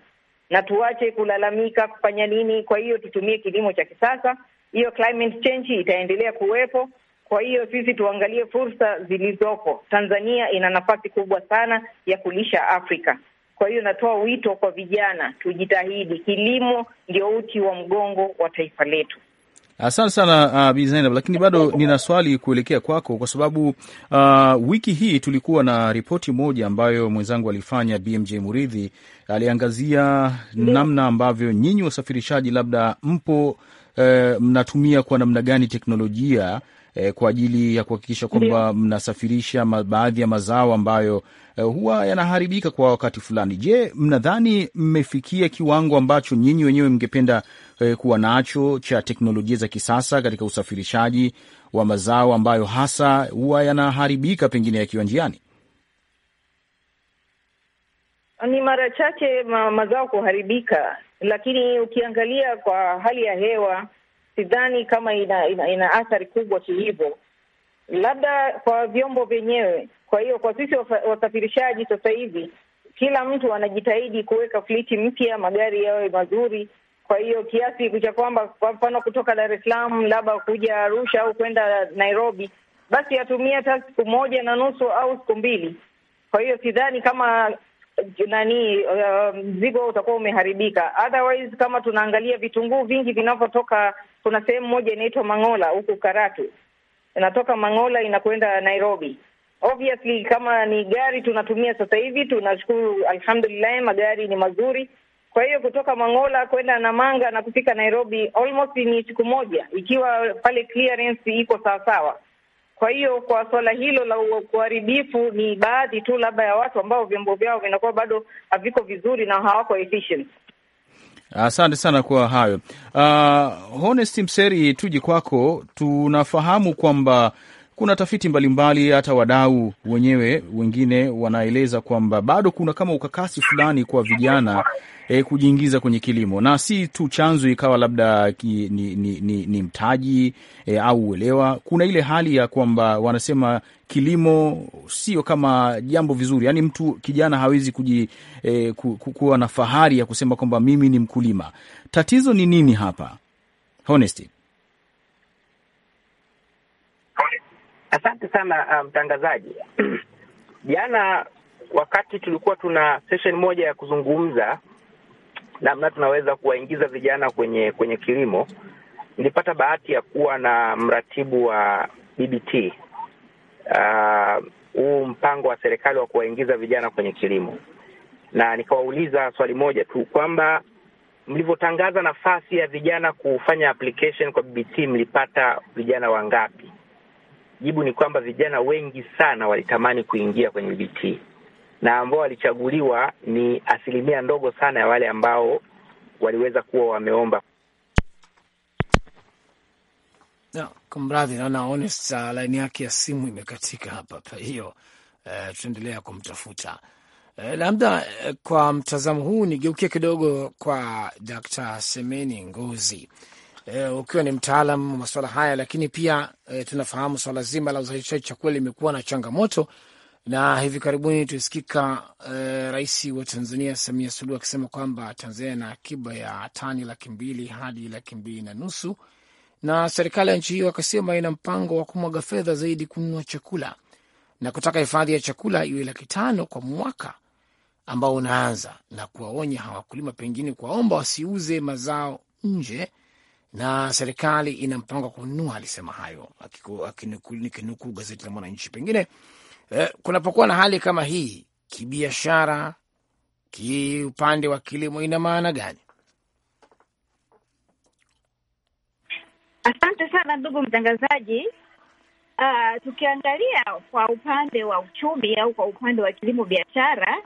na tuache kulalamika kufanya nini. Kwa hiyo tutumie kilimo cha kisasa. Hiyo climate change itaendelea kuwepo, kwa hiyo sisi tuangalie fursa zilizopo. Tanzania ina nafasi kubwa sana ya kulisha Afrika. Kwa hiyo natoa wito kwa vijana, tujitahidi. Kilimo ndio uti wa mgongo wa taifa letu. Asante sana uh, Bi Zainab, lakini bado nina swali kuelekea kwako kwa sababu uh, wiki hii tulikuwa na ripoti moja ambayo mwenzangu alifanya BMJ Muridhi aliangazia namna ambavyo nyinyi wasafirishaji labda mpo uh, mnatumia kwa namna gani teknolojia eh, kwa ajili ya kuhakikisha kwamba mnasafirisha baadhi ya mazao ambayo eh, huwa yanaharibika kwa wakati fulani. Je, mnadhani mmefikia kiwango ambacho nyinyi wenyewe mngependa eh, kuwa nacho cha teknolojia za kisasa katika usafirishaji wa mazao ambayo hasa huwa yanaharibika pengine yakiwa njiani? Ni mara chache ma mazao kuharibika, lakini ukiangalia kwa hali ya hewa sidhani kama ina, ina, ina athari kubwa kihivyo, labda kwa vyombo vyenyewe. Kwa hiyo kwa sisi wasafirishaji sasa hivi kila mtu anajitahidi kuweka fliti mpya, magari yawe mazuri. Kwa hiyo kiasi cha kwamba kwa mfano kutoka Dar es Salaam labda kuja Arusha au kwenda Nairobi, basi atumia hata siku moja na nusu au siku mbili. Kwa hiyo sidhani kama nani um, mzigo um, utakuwa umeharibika. Otherwise, kama tunaangalia vitunguu vingi vinavyotoka, kuna sehemu moja inaitwa Mang'ola huku Karatu, inatoka Mang'ola inakwenda Nairobi. Obviously, kama ni gari tunatumia sasa hivi, tunashukuru alhamdulillah, magari ni mazuri. Kwa hiyo kutoka Mang'ola kwenda Namanga na kufika Nairobi almost ni siku moja, ikiwa pale clearance iko sawasawa. Kwa hiyo kwa suala hilo la uharibifu ni baadhi tu labda ya watu ambao vyombo vyao vinakuwa bado haviko vizuri na hawako efficient. Asante sana kwa hayo. Uh, Honest Mseri, tuji kwako. Tunafahamu kwamba kuna tafiti mbalimbali, hata wadau wenyewe wengine wanaeleza kwamba bado kuna kama ukakasi fulani kwa vijana e, kujiingiza kwenye kilimo, na si tu chanzo ikawa labda ki, ni, ni, ni, ni mtaji e, au uelewa. Kuna ile hali ya kwamba wanasema kilimo sio kama jambo vizuri, yaani mtu kijana hawezi kuji, e, ku, ku, kuwa na fahari ya kusema kwamba mimi ni mkulima. Tatizo ni nini hapa? Honesty. Asante sana uh, mtangazaji. Um, jana wakati tulikuwa tuna session moja ya kuzungumza namna tunaweza kuwaingiza vijana kwenye kwenye kilimo, nilipata bahati ya kuwa na mratibu wa BBT uh, huu uh, mpango wa serikali wa kuwaingiza vijana kwenye kilimo, na nikawauliza swali moja tu kwamba mlivyotangaza nafasi ya vijana kufanya application kwa BBT mlipata vijana wangapi? jibu ni kwamba vijana wengi sana walitamani kuingia kwenye BT na ambao walichaguliwa ni asilimia ndogo sana ya wale ambao waliweza kuwa wameomba. No, kumradhi, naona Honest laini yake ya simu imekatika hapa. Kwa hiyo uh, eh, tutaendelea kumtafuta eh, labda uh, kwa mtazamo huu nigeukia kidogo kwa d Semeni Ngozi e, ukiwa ni mtaalam wa masuala haya, lakini pia e, tunafahamu swala zima la uzalishaji chakula limekuwa na changamoto, na hivi karibuni tulisikika e, Rais wa Tanzania Samia Suluhu akisema kwamba Tanzania ina akiba ya tani laki mbili hadi laki mbili na nusu na serikali ya nchi hiyo akasema ina mpango wa kumwaga fedha zaidi kununua chakula na kutaka hifadhi ya chakula iwe laki tano kwa mwaka ambao unaanza, na kuwaonya hawakulima pengine kuwaomba wasiuze mazao nje na serikali ina mpango wa kununua. Alisema hayo akinukuu gazeti la Mwananchi. Pengine eh, kunapokuwa na hali kama hii kibiashara, kiupande wa kilimo, ina maana gani? Asante sana ndugu mtangazaji. Uh, tukiangalia kwa upande wa uchumi au kwa upande wa kilimo biashara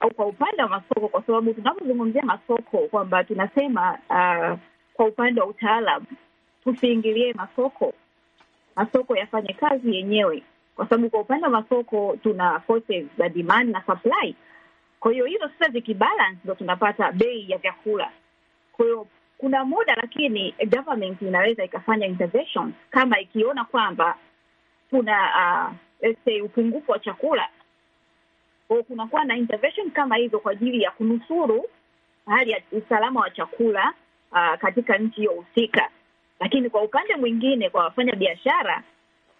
au kwa upande wa masoko, kwa sababu tunapozungumzia masoko kwamba tunasema uh, kwa upande wa utaalam, tusiingilie masoko, masoko yafanye kazi yenyewe, kwa sababu kwa upande wa masoko tuna forces za demand na supply. Kwa hiyo hizo sasa zikibalance, ndo tunapata bei ya vyakula. Kwa hiyo kuna muda lakini government inaweza ikafanya intervention kama ikiona kwamba kuna uh, say upungufu wa chakula, kunakuwa na intervention kama hizo kwa ajili ya kunusuru hali ya usalama wa chakula uh, katika nchi hiyo husika. Lakini kwa upande mwingine, kwa wafanya biashara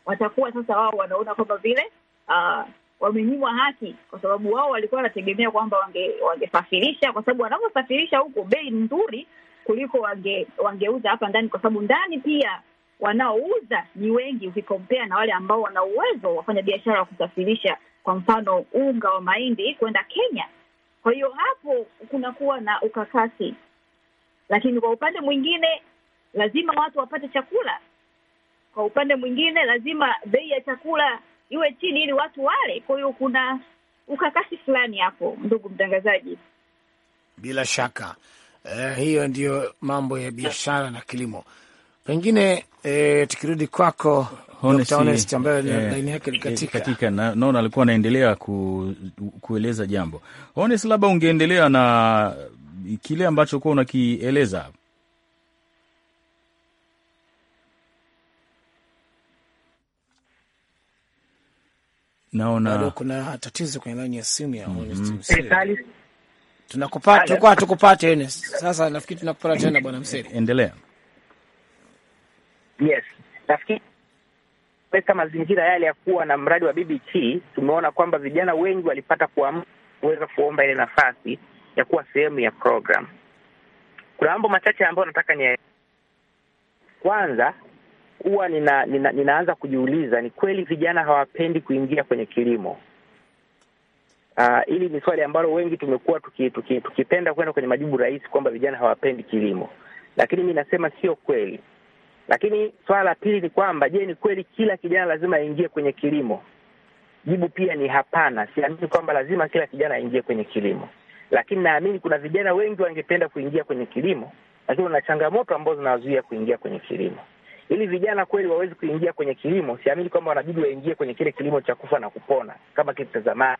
watakuwa sasa wao wanaona kwamba vile uh, wamenyimwa haki, kwa sababu wao walikuwa wanategemea kwamba wange, wangesafirisha, kwa sababu wanavyosafirisha huko bei nzuri kuliko wange, wangeuza hapa ndani, kwa sababu ndani pia wanaouza ni wengi ukikompea na wale ambao wana uwezo wafanya biashara wa kusafirisha, kwa mfano unga wa mahindi kwenda Kenya. Kwa hiyo hapo kunakuwa na ukakasi lakini kwa upande mwingine lazima watu wapate chakula. Kwa upande mwingine lazima bei ya chakula iwe chini ili watu wale. Kwa hiyo kuna ukakasi fulani hapo, ndugu mtangazaji. Bila shaka eh, hiyo ndiyo mambo ya biashara na kilimo. Pengine eh, tukirudi kwako eh, eh, katika naona alikuwa anaendelea ku, kueleza jambo Honest, labda ungeendelea na kile ambacho kuwa unakieleza naona kuna tatizo kwenye laini ya simu ya Honest mhm. Mseli. Eh, tunakupata, tulikuwa hatukupata Honest. Sasa nafikiri tunakupata tena bwana Mseri, Endelea. Yes. Nafikiri katika mazingira yale ya kuwa na mradi wa BBT tumeona kwamba vijana wengi walipata kuweza kuomba ile nafasi ya kuwa sehemu ya program. Kuna mambo machache ambayo nataka ni kwanza huwa nina, nina, ninaanza kujiuliza ni kweli vijana hawapendi kuingia kwenye kilimo. Ah, hili uh, ni swali ambalo wengi tumekuwa tuki, tuki, tukipenda kwenda kwenye majibu rahisi kwamba vijana hawapendi kilimo, lakini mi nasema sio kweli. Lakini swala la pili ni kwamba, je, ni kweli kila kijana lazima aingie kwenye kilimo? Jibu pia ni hapana. Siamini kwamba lazima kila kijana aingie kwenye kilimo lakini naamini kuna vijana wengi wangependa kuingia kwenye kilimo, lakini kuna changamoto ambazo zinawazuia kuingia kwenye kilimo. Ili vijana kweli waweze kuingia kwenye kilimo, siamini kwamba wanabidi waingie kwenye kile kilimo cha kufa na kupona kama kitu cha zamani,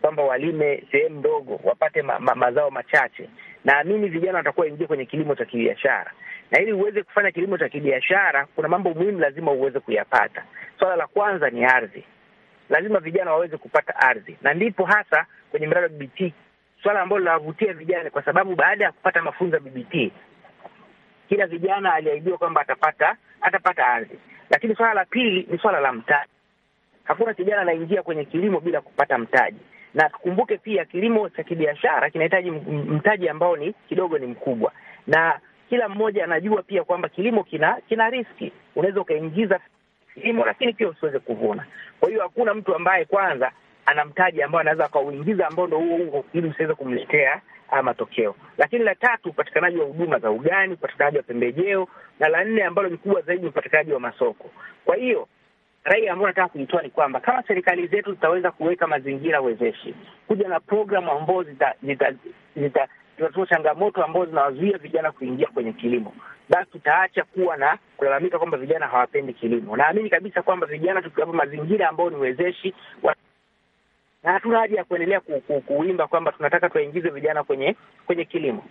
kwamba walime sehemu ndogo wapate ma ma mazao machache. Naamini vijana watakuwa waingie kwenye kilimo cha kibiashara, na ili uweze kufanya kilimo cha kibiashara, kuna mambo muhimu lazima uweze kuyapata. Swala la kwanza ni ardhi, lazima vijana waweze kupata ardhi, na ndipo hasa kwenye mradi wa BBT swala ambalo linawavutia vijana, kwa sababu baada ya kupata mafunzo ya BBT kila vijana aliahidiwa kwamba atapata atapata ardhi, lakini swala la pili ni swala la mtaji. Hakuna kijana anaingia kwenye kilimo bila kupata mtaji, na tukumbuke pia kilimo cha kibiashara kinahitaji mtaji ambao ni kidogo ni mkubwa, na kila mmoja anajua pia kwamba kilimo kina kina riski. Unaweza ukaingiza kilimo, lakini pia usiweze kuvuna. Kwa hiyo hakuna mtu ambaye kwanza mtaji ambayo anaweza akauingiza ambao ndo huo huo, ili usiweze kumletea ah, matokeo. Lakini la tatu, upatikanaji wa huduma za ugani, upatikanaji wa pembejeo, na la nne ambalo ni kubwa zaidi, upatikanaji wa masoko. Kwa hiyo rai ambayo nataka kuitoa ni kwamba kama serikali zetu zitaweza kuweka mazingira wezeshi, kuja na programu ambazo zita, zita, zita changamoto ambazo zinawazuia vijana kuingia kwenye kilimo, basi tutaacha kuwa na kulalamika kwamba vijana hawapendi kilimo. Naamini kabisa kwamba vijana tukiwapa mazingira ambayo ni wezeshi wa na hatuna haja ya kuendelea ku, ku, kuimba kwamba tunataka tuwaingize vijana kwenye kwenye kilimo.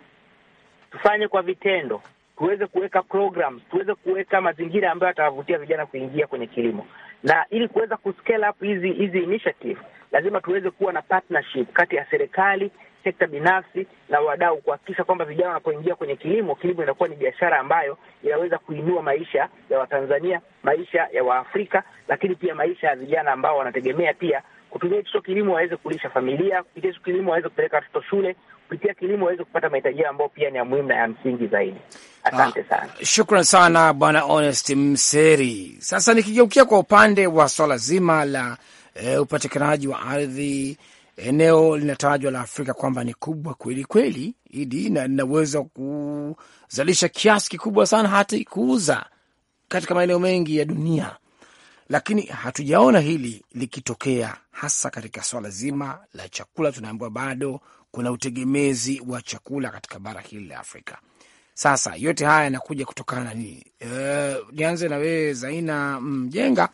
Tufanye kwa vitendo, tuweze kuweka programs, tuweze kuweka mazingira ambayo atawavutia vijana kuingia kwenye kilimo, na ili kuweza kuscale up hizi hizi initiative lazima tuweze kuwa na partnership kati ya serikali, sekta binafsi na wadau, kuhakikisha kwamba vijana wanapoingia kwenye kilimo, kilimo inakuwa ni biashara ambayo inaweza kuinua maisha ya Watanzania, maisha ya Waafrika, lakini pia maisha ya vijana ambao wanategemea pia kupitia hicho kilimo waweze kulisha familia, kupitia hicho kilimo waweze kupeleka watoto shule, kupitia kilimo waweze kupata mahitaji yao ambayo pia ni ya muhimu na ya msingi zaidi. Asante ah, sana, shukran sana Bwana Honest Mseri. Sasa nikigeukia kwa upande wa swala zima la e, upatikanaji wa ardhi eneo linatajwa la Afrika kwamba ni kubwa kweli kweli, idi na linaweza kuzalisha kiasi kikubwa sana, hata kuuza katika maeneo mengi ya dunia lakini hatujaona hili likitokea hasa katika swala zima la chakula. Tunaambiwa bado kuna utegemezi wa chakula katika bara hili la Afrika. Sasa yote haya yanakuja kutokana na nini? E, nianze na wewe Zaina Mjenga,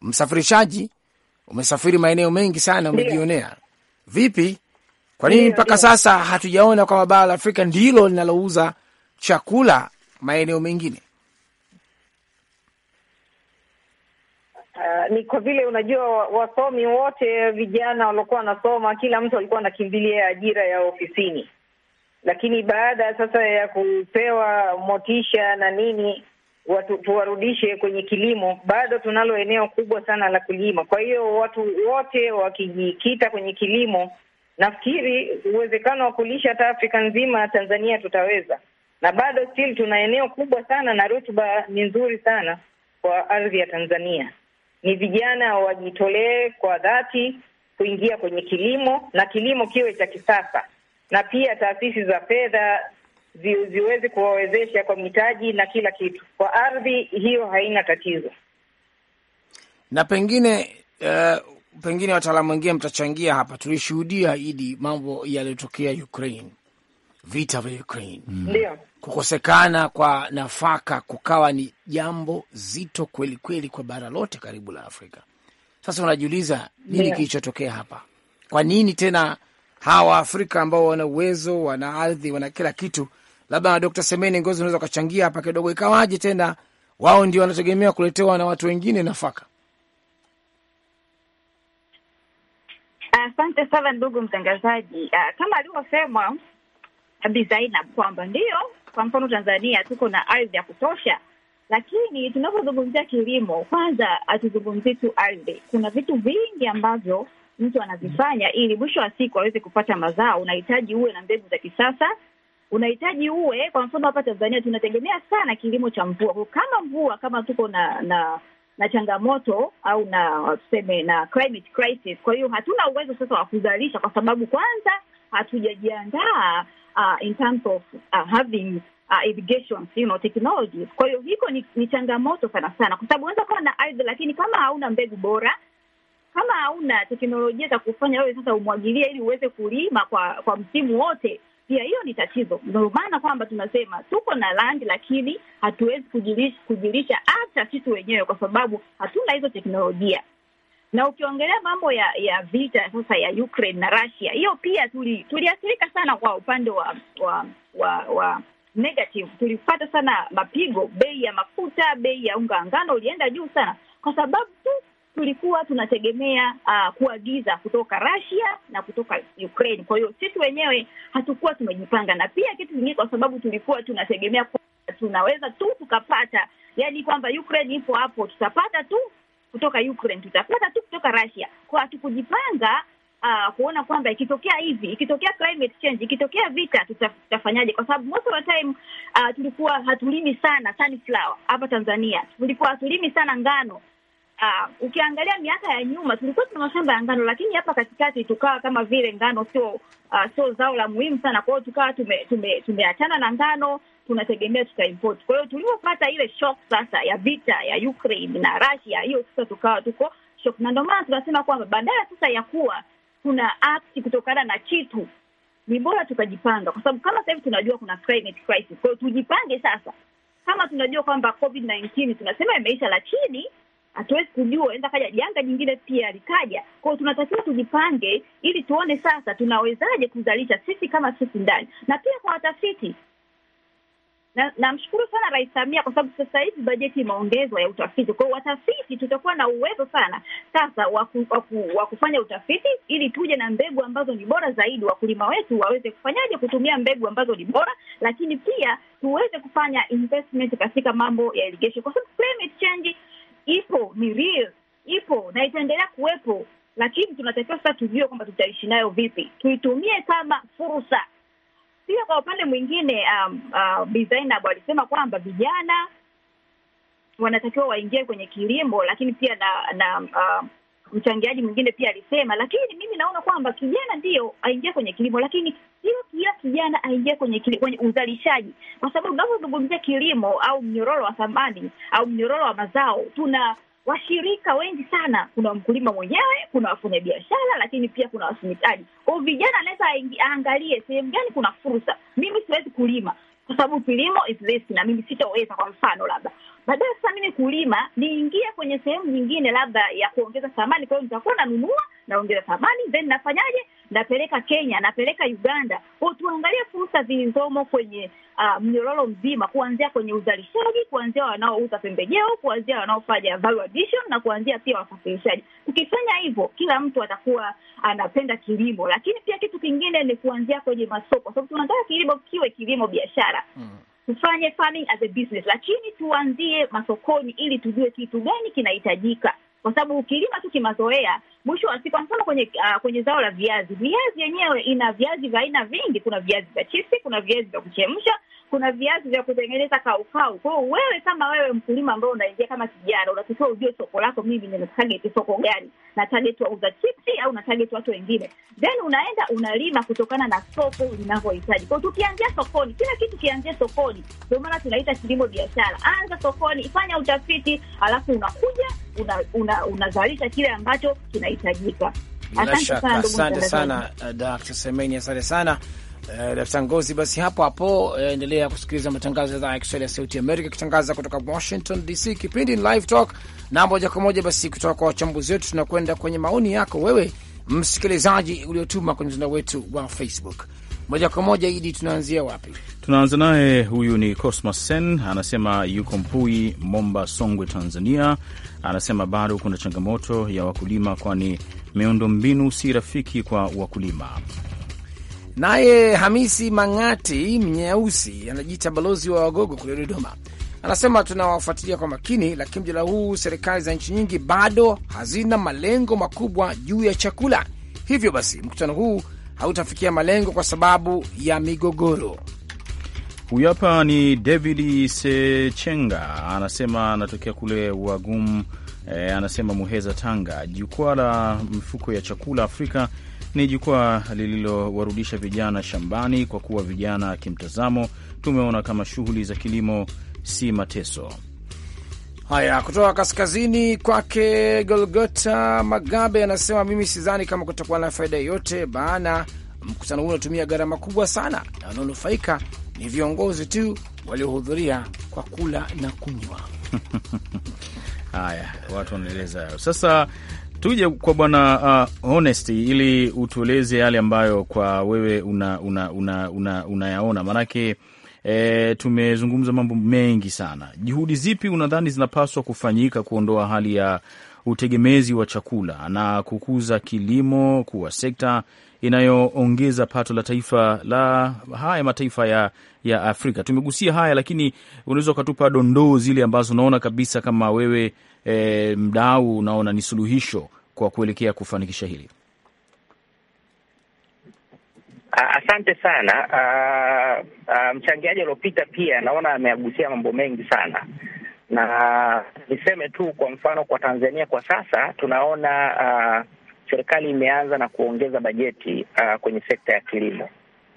msafirishaji, umesafiri maeneo mengi sana, umejionea vipi, kwa nini mpaka sasa hatujaona kwamba bara la Afrika ndilo linalouza chakula maeneo mengine? Ah, ni kwa vile unajua wasomi wote vijana waliokuwa wanasoma, kila mtu alikuwa anakimbilia ajira ya ofisini, lakini baada sasa ya kupewa motisha na nini watu tuwarudishe kwenye kilimo, bado tunalo eneo kubwa sana la kulima. Kwa hiyo watu wote wakijikita kwenye kilimo, nafikiri uwezekano wa kulisha hata Afrika nzima Tanzania tutaweza, na bado still tuna eneo kubwa sana na rutuba ni nzuri sana kwa ardhi ya Tanzania ni vijana wajitolee kwa dhati kuingia kwenye kilimo na kilimo kiwe cha kisasa, na pia taasisi za fedha zi, ziweze kuwawezesha kwa mitaji na kila kitu. Kwa ardhi hiyo haina tatizo, na pengine uh, pengine wataalamu wengine mtachangia hapa. Tulishuhudia idi mambo yaliyotokea Ukraine vita vya Ukraine, mm. kukosekana kwa nafaka kukawa ni jambo zito kweli kweli kwa bara lote karibu la Afrika. Sasa unajiuliza nini kilichotokea hapa? Kwa nini tena hawa Waafrika ambao wana uwezo, wana ardhi, wana kila kitu, labda Dkt. Semeni Ngozi unaweza ukachangia hapa kidogo, ikawaje tena wao ndio wanategemea kuletewa na watu wengine nafaka? Asante sana ndugu mtangazaji. Ah, kama alivyosema Bi Zainab kwamba ndiyo, kwa mfano Tanzania tuko na ardhi ya kutosha, lakini tunapozungumzia kilimo, kwanza hatuzungumzii tu ardhi. Kuna vitu vingi ambavyo mtu anavifanya ili mwisho wa siku aweze kupata mazao. Unahitaji uwe na mbegu za kisasa, unahitaji uwe, kwa mfano hapa Tanzania tunategemea sana kilimo cha mvua. Kama mvua kama tuko na na na changamoto au na tuseme na climate crisis, kwa hiyo hatuna uwezo sasa wa kuzalisha, kwa sababu kwanza hatujajiandaa uh, in terms of uh, having uh, irrigation, you know, technology. Kwa hiyo hiko ni, ni changamoto sana sana, kwa sababu unaweza kuwa na ardhi lakini kama hauna mbegu bora, kama hauna teknolojia za kufanya wewe sasa umwagilie ili uweze kulima kwa kwa msimu wote, pia hiyo ni tatizo. Ndio maana kwamba tunasema tuko na land lakini hatuwezi kujilisha hata sisi wenyewe kwa sababu hatuna hizo teknolojia na ukiongelea mambo ya ya vita sasa ya Ukraine na Russia, hiyo pia tuliathirika tuli sana kwa upande wa wa wa, wa negative. Tulipata sana mapigo, bei ya mafuta, bei ya unga ngano ulienda juu sana, kwa sababu tu tulikuwa tunategemea uh, kuagiza kutoka Russia na kutoka Ukraine. Kwa hiyo sisi wenyewe hatukuwa tumejipanga, na pia kitu kingine, kwa sababu tulikuwa tunategemea tunaweza tu tukapata, yani kwamba Ukraine ipo hapo tutapata tu kutoka Ukraine, tutapata tu kutoka Russia. Kwa hatukujipanga uh, kuona kwamba ikitokea hivi, ikitokea climate change, ikitokea vita tutafanyaje? Kwa sababu most of the time uh, tulikuwa hatulimi sana sunflower hapa Tanzania, tulikuwa hatulimi sana ngano. Uh, ukiangalia miaka ya nyuma tulikuwa tuna mashamba ya ngano, lakini hapa katikati tukawa kama vile ngano sio uh, sio zao la muhimu sana. Kwa hiyo tukawa tumeachana tume, tume na ngano tunategemea tuta Kwa hiyo tulivyopata ile shock sasa ya vita ya Ukraine na Russia, hiyo sasa tukawa tuko shock, na ndio maana tunasema kwamba badala sasa ya kuwa kuna act kutokana na kitu ni bora tukajipanga, kwa sababu kama sasa hivi tunajua kuna climate crisis. Kwa hiyo tujipange sasa, kama tunajua kwamba covid 19 tunasema imeisha, lakini hatuwezi kujua, enda kaja janga jingine pia likaja. Kwa hiyo tunatakiwa tujipange, ili tuone sasa tunawezaje kuzalisha sisi kama sisi ndani, na pia kwa watafiti na namshukuru sana Rais Samia kwa sababu sasa hivi bajeti imeongezwa ya utafiti. kwao watafiti tutakuwa na uwezo sana sasa wa kufanya utafiti ili tuje na mbegu ambazo ni bora zaidi, wakulima wetu waweze kufanyaje kutumia mbegu ambazo ni bora, lakini pia tuweze kufanya investment katika mambo ya irrigation, kwa sababu climate change ipo, ni real, ipo na itaendelea kuwepo, lakini tunatakiwa sasa tujue kwamba tutaishi nayo vipi, tuitumie kama fursa pia kwa upande mwingine um, uh, Zainab alisema kwamba vijana wanatakiwa waingie kwenye kilimo, lakini pia na na uh, mchangiaji mwingine pia alisema, lakini mimi naona kwamba kijana ndiyo aingie kwenye kilimo, lakini sio kila kijana aingie kwenye kilimo, kwenye uzalishaji, kwa sababu unavyozungumzia kilimo au mnyororo wa thamani au mnyororo wa mazao tuna washirika wengi sana. Kuna mkulima mwenyewe, kuna wafanyabiashara, lakini pia kuna wasimikaji. Kwa vijana anaweza aangalie sehemu gani kuna fursa. Mimi siwezi kulima kwa sababu kilimo is na mimi sitaweza. Kwa mfano labda baadaye sasa mimi kulima niingie kwenye sehemu nyingine labda ya kuongeza thamani, kwa hiyo nitakuwa nanunua naongeza thamani, then nafanyaje? Napeleka Kenya, napeleka Uganda. Tuangalie fursa zilizomo kwenye uh, mnyororo mzima, kuanzia kwenye uzalishaji, kuanzia wanaouza pembejeo, kuanzia wanaofanya value addition na kuanzia pia wasafirishaji. Tukifanya hivyo, kila mtu atakuwa anapenda kilimo, lakini pia kitu kingine ni kuanzia kwenye masoko, sababu so, tunataka kilimo kiwe kilimo biashara mm. Tufanye farming as a business, lakini tuanzie masokoni ili tujue kitu gani kinahitajika, kwa sababu ukilima tu kimazoea mwisho wa siku, kwa mfano kwenye uh, kwenye zao la viazi, viazi yenyewe ina viazi vya aina vingi. Kuna viazi vya chipsi, kuna viazi vya kuchemsha, kuna viazi vya kutengeneza kaukau. Kwa hiyo wewe kama wewe mkulima ambao unaingia kama kijana, unatakiwa ujue soko lako, mimi nina target soko gani? Na target wauza chipsi au na target watu wengine? Then unaenda unalima kutokana na soko linavyohitaji. Kwa hiyo tukianzia sokoni, kila kitu kianzia sokoni, ndio maana tunaita kilimo biashara. Anza sokoni, ifanya utafiti, alafu unakuja unazalisha una, una kile ambacho kina inahitajika. Bila shaka, asante sana eh, Dkt. Semeni, asante sana eh, Dkt. Ngozi. Basi hapo hapo eh, endelea kusikiliza matangazo ya idhaa ya Kiswahili ya Sauti Amerika ikitangaza kutoka Washington DC. Kipindi ni Live Talk na moja kwa moja basi kutoka kwa wachambuzi wetu, tunakwenda kwenye maoni yako wewe msikilizaji uliotuma kwenye mtandao wetu wa Facebook. Moja kwa moja, Idi, tunaanzia wapi? Tunaanza naye, huyu ni Cosmas Sen, anasema yuko Mpui, Momba, Songwe, Tanzania. Anasema bado kuna changamoto ya wakulima, kwani miundo mbinu si rafiki kwa wakulima. Naye Hamisi Mang'ati Mnyeusi anajiita balozi wa Wagogo kule Dodoma, anasema tunawafuatilia kwa makini, lakini mjadala huu, serikali za nchi nyingi bado hazina malengo makubwa juu ya chakula, hivyo basi mkutano huu hautafikia malengo kwa sababu ya migogoro. Huyu hapa ni David Sechenga, anasema anatokea kule Wagum. E, anasema Muheza, Tanga. Jukwaa la mifuko ya chakula Afrika ni jukwaa lililowarudisha vijana shambani, kwa kuwa vijana kimtazamo tumeona kama shughuli za kilimo si mateso. Haya, kutoka kaskazini kwake Golgota Magabe anasema mimi sidhani kama kutakuwa na faida yoyote, maana mkutano huu unatumia gharama kubwa sana na wanaonufaika ni viongozi tu waliohudhuria kwa kula na kunywa. Haya, watu wanaeleza hayo. Sasa tuje kwa bwana uh, Honesty ili utueleze yale ambayo kwa wewe unayaona una, una, una maanake E, tumezungumza mambo mengi sana. Juhudi zipi unadhani zinapaswa kufanyika kuondoa hali ya utegemezi wa chakula na kukuza kilimo kuwa sekta inayoongeza pato la taifa la haya mataifa ya, ya Afrika. Tumegusia haya, lakini unaweza ukatupa dondoo zile ambazo unaona kabisa kama wewe e, mdau unaona ni suluhisho kwa kuelekea kufanikisha hili. Asante sana uh, uh, mchangiaji aliopita pia naona ameagusia mambo mengi sana, na niseme tu kwa mfano, kwa Tanzania kwa sasa tunaona uh, serikali imeanza na kuongeza bajeti uh, kwenye sekta ya kilimo.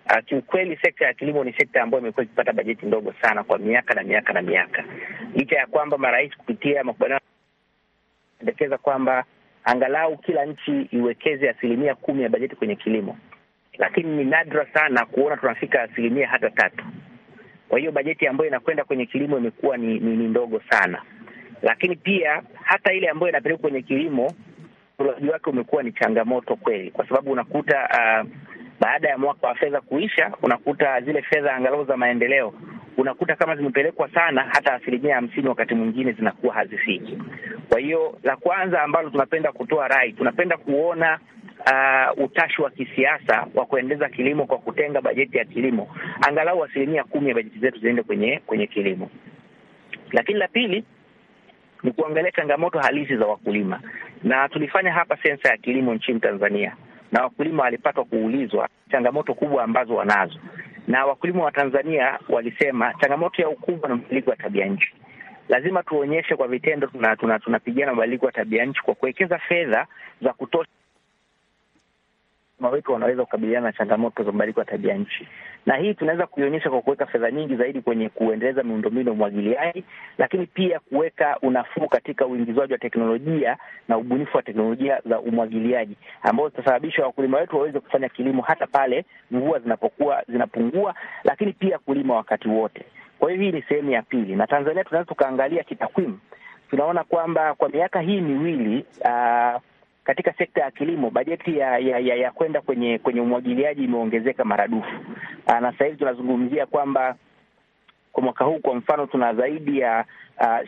Uh, kiukweli sekta ya kilimo ni sekta ambayo imekuwa ikipata bajeti ndogo sana kwa miaka na miaka na miaka, licha ya kwamba marais kupitia makubaliano pendekeza kwamba angalau kila nchi iwekeze asilimia kumi ya bajeti kwenye kilimo, lakini ni nadra sana kuona tunafika asilimia hata tatu. Kwa hiyo bajeti ambayo inakwenda kwenye kilimo imekuwa ni, ni, ni ndogo sana, lakini pia hata ile ambayo inapelekwa kwenye kilimo ulaji wake umekuwa ni changamoto kweli, kwa sababu unakuta uh, baada ya mwaka wa fedha kuisha, unakuta zile fedha angalau za maendeleo unakuta kama zimepelekwa sana, hata asilimia hamsini wakati mwingine zinakuwa hazifiki. Kwa hiyo la kwanza ambalo tunapenda kutoa rai, tunapenda kuona uh, utashi wa kisiasa wa kuendeleza kilimo kwa kutenga bajeti ya kilimo, angalau asilimia kumi ya bajeti zetu ziende kwenye kwenye kilimo. Lakini la pili ni kuangalia changamoto halisi za wakulima, na tulifanya hapa sensa ya kilimo nchini Tanzania, na wakulima walipatwa kuulizwa changamoto kubwa ambazo wanazo, na wakulima wa Tanzania walisema changamoto ya ukubwa na mabadiliko ya tabia nchi. Lazima tuonyeshe kwa vitendo tunapigana tuna, tuna mabadiliko ya tabia nchi kwa kuwekeza fedha za kutosha wanachama wetu wanaweza kukabiliana na changamoto za mabadiliko ya tabia nchi, na hii tunaweza kuionyesha kwa kuweka fedha nyingi zaidi kwenye kuendeleza miundombinu ya umwagiliaji, lakini pia kuweka unafuu katika uingizwaji wa teknolojia na ubunifu wa teknolojia za umwagiliaji ambao zitasababisha wakulima wetu waweze kufanya kilimo hata pale mvua zinapokuwa zinapungua, lakini pia kulima wakati wote. Kwa hiyo hii ni sehemu ya pili, na Tanzania tunaweza tukaangalia kitakwimu, tunaona kwamba kwa miaka hii miwili uh, katika sekta ya kilimo bajeti ya ya, ya, ya kwenda kwenye kwenye umwagiliaji imeongezeka maradufu, ah, na sasa hivi tunazungumzia kwamba kwa mwaka huu kwa mfano tuna zaidi ya uh,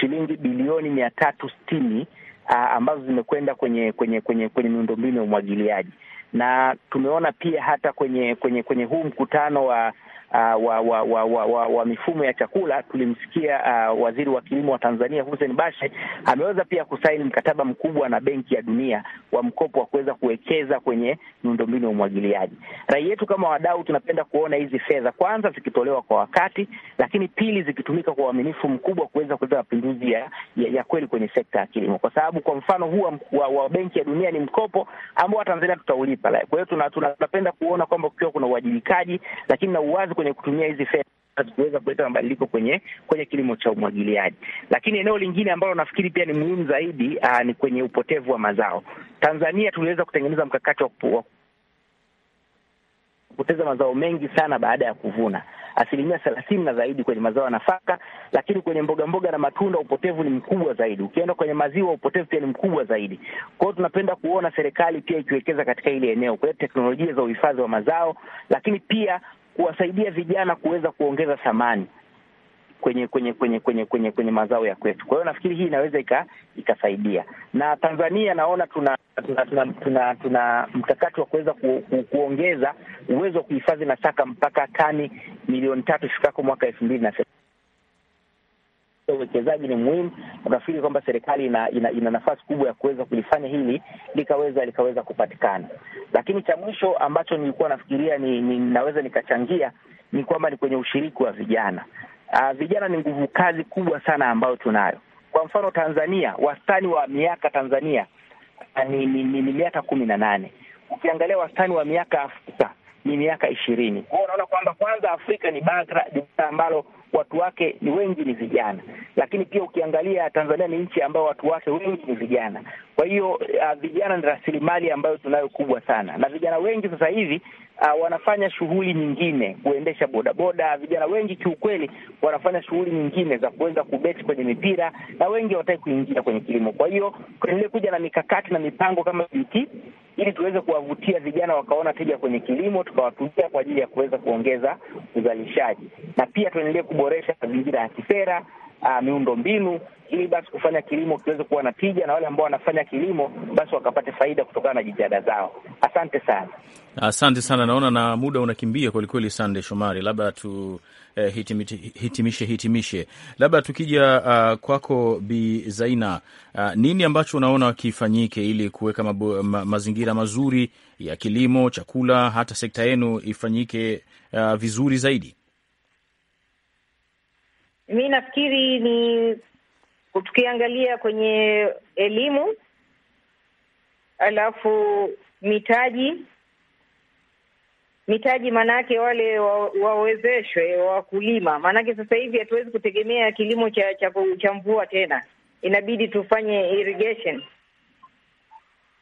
shilingi bilioni mia tatu sitini uh, ambazo zimekwenda kwenye kwenye kwenye kwenye miundombinu ya umwagiliaji, na tumeona pia hata kwenye kwenye kwenye huu mkutano wa uh, wa, wa, wa, wa, wa, wa mifumo ya chakula tulimsikia uh, waziri wa kilimo wa Tanzania Hussein Bashe ameweza pia kusaini mkataba mkubwa na Benki ya Dunia wa mkopo wa kuweza kuwekeza kwenye miundombinu ya umwagiliaji. Rai yetu kama wadau, tunapenda kuona hizi fedha kwanza zikitolewa kwa wakati, lakini pili zikitumika kwa uaminifu mkubwa kuweza kuleta mapinduzi ya, ya, ya kweli kwenye sekta ya kilimo, kwa sababu kwa mfano huu wa, wa Benki ya Dunia ni mkopo ambao Tanzania tutaulipa. Kwa hiyo tunapenda tuna, tuna, kuona kwamba kukiwa kuna uwajibikaji lakini na uwazi kwenye kutumia hizi fedha kuweza kuleta mabadiliko kwenye kwenye kilimo cha umwagiliaji. Lakini eneo lingine ambalo nafikiri pia ni muhimu zaidi aa, ah, ni kwenye upotevu wa mazao. Tanzania tuliweza kutengeneza mkakati wa kupoteza mazao mengi sana baada ya kuvuna, asilimia thelathini na zaidi kwenye mazao ya nafaka, lakini kwenye mboga mboga na matunda upotevu ni mkubwa zaidi. Ukienda kwenye maziwa, upotevu pia ni mkubwa zaidi. Kwa hiyo tunapenda kuona serikali pia ikiwekeza katika ile eneo, kuleta teknolojia za uhifadhi wa mazao, lakini pia kuwasaidia vijana kuweza kuongeza thamani kwenye kwenye kwenye kwenye kwenye kwenye mazao ya kwetu. Kwa hiyo nafikiri hii inaweza ika, ikasaidia na Tanzania naona tuna tuna tuna, tuna, tuna mkakati wa kuweza ku, ku, kuongeza uwezo wa kuhifadhi nafaka mpaka tani milioni tatu ifikako mwaka elfu mbili na thelathini uwekezaji ni muhimu. Nafikiri kwamba serikali ina, ina, ina nafasi kubwa ya kuweza kulifanya hili likaweza likaweza kupatikana. Lakini cha mwisho ambacho nilikuwa nafikiria ni, ni, naweza nikachangia ni kwamba ni kwenye ushiriki wa vijana. Uh, vijana ni nguvu kazi kubwa sana ambayo tunayo. Kwa mfano Tanzania, wastani wa miaka Tanzania ah, ni, ni, ni, ni miaka kumi na nane. Ukiangalia wastani wa miaka Afrika ni miaka ishirini. Kwa hiyo unaona kwamba kwanza Afrika ni bara ambalo watu wake ni wengi ni vijana, lakini pia ukiangalia Tanzania ni nchi ambayo watu wake wengi ni vijana. Kwa hiyo uh, vijana ni rasilimali ambayo tunayo kubwa sana, na vijana wengi sasa hivi uh, wanafanya shughuli nyingine, kuendesha bodaboda. Vijana wengi kiukweli wanafanya shughuli nyingine za kuweza kubeti kwenye mipira, na wengi hawataki kuingia kwenye kilimo. Kwa hiyo tuendelee kuja na mikakati na mipango kama BT ili tuweze kuwavutia vijana wakaona tija kwenye kilimo, tukawatumia kwa ajili ya kuweza kuongeza uzalishaji, na pia tuendelee kuboresha mazingira ya kifera uh, miundo mbinu ili basi kufanya kilimo kiweze kuwa na tija na wale ambao wanafanya kilimo basi wakapate faida kutokana na jitihada zao. Asante sana, asante sana. Naona na muda unakimbia kwelikweli. Sande Shomari, labda tu eh, hitimishe hitimishe, labda tukija uh, kwako Bi Zaina, uh, nini ambacho unaona kifanyike ili kuweka ma, mazingira mazuri ya kilimo, chakula, hata sekta yenu ifanyike uh, vizuri zaidi? Mi nafikiri ni tukiangalia kwenye elimu, alafu mitaji mitaji maanake wale wa, wawezeshwe wakulima, maanake sasa hivi hatuwezi kutegemea kilimo cha cha, cha mvua tena, inabidi tufanye irrigation.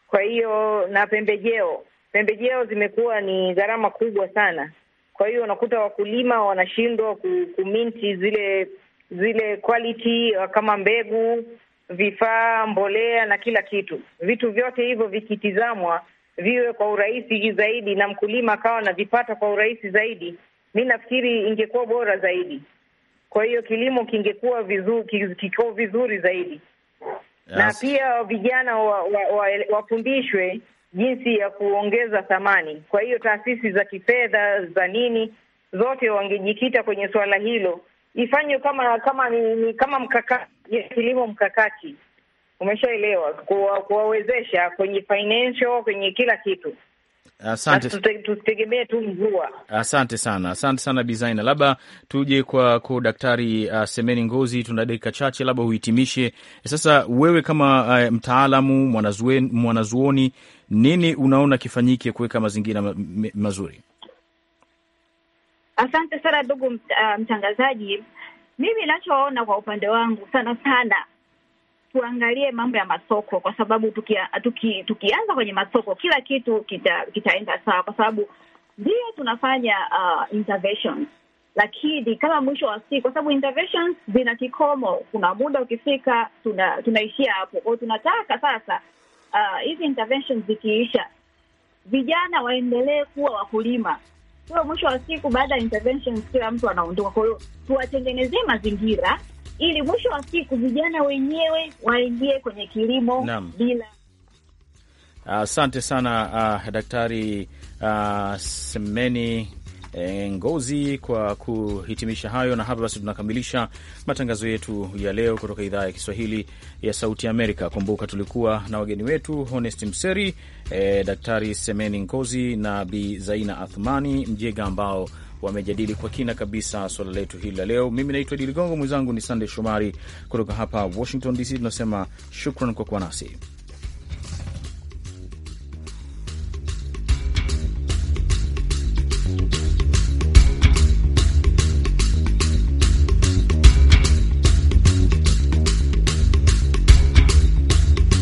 Kwa hiyo na pembejeo, pembejeo zimekuwa ni gharama kubwa sana. Kwa hiyo unakuta wakulima wanashindwa kuminti zile zile quality uh, kama mbegu, vifaa, mbolea na kila kitu. Vitu vyote hivyo vikitizamwa viwe kwa urahisi zaidi na mkulima akawa anavipata kwa urahisi zaidi, mi nafikiri ingekuwa bora zaidi. Kwa hiyo kilimo kingekuwa vizuri, kiko vizuri zaidi. Yes. Na pia vijana wafundishwe wa, wa, wa jinsi ya kuongeza thamani. Kwa hiyo taasisi za kifedha za nini zote wangejikita kwenye suala hilo, ifanywe kama kama ni, ni kama mkakati kilimo mkakati, umeshaelewa, kuwawezesha kwenye financial, kwenye kila kitu. Asante, tutegemee tu mvua. Asante sana, asante sana Bizaina. Labda tuje kwa kwa Daktari uh, Semeni Ngozi, tuna dakika chache, labda uhitimishe sasa. Wewe kama uh, mtaalamu mwanazuoni, mwanazuoni, nini unaona kifanyike kuweka mazingira ma, mazuri? Asante sana ndugu uh, mtangazaji. Mimi nachoona kwa upande wangu sana sana tuangalie mambo ya masoko, kwa sababu tukia, tuki, tukianza kwenye masoko kila kitu kita, kitaenda sawa, kwa sababu ndio tunafanya uh, interventions lakini kama mwisho wa siku, kwa sababu interventions zina kikomo, kuna muda ukifika, tuna, tunaishia hapo kwao. Tunataka sasa uh, hizi uh, interventions zikiisha, vijana waendelee kuwa wakulima. Kwa hiyo mwisho wa siku, baada ya interventions, kila mtu anaondoka. Kwa hiyo tuwatengenezee mazingira ili mwisho wa siku vijana wenyewe waingie kwenye kilimo Nam. bila Asante uh, sana uh, Daktari uh, Semeni E, Ngozi kwa kuhitimisha hayo. Na hapa basi tunakamilisha matangazo yetu ya leo kutoka idhaa ya Kiswahili ya Sauti Amerika. Kumbuka tulikuwa na wageni wetu Honest Mseri, e, Daktari Semeni Ngozi na Bi Zaina Athmani Mjega ambao wamejadili kwa kina kabisa swala letu hili la leo. Mimi naitwa Idi Ligongo, mwenzangu ni Sandey Shomari kutoka hapa Washington DC. Tunasema shukran kwa kuwa nasi.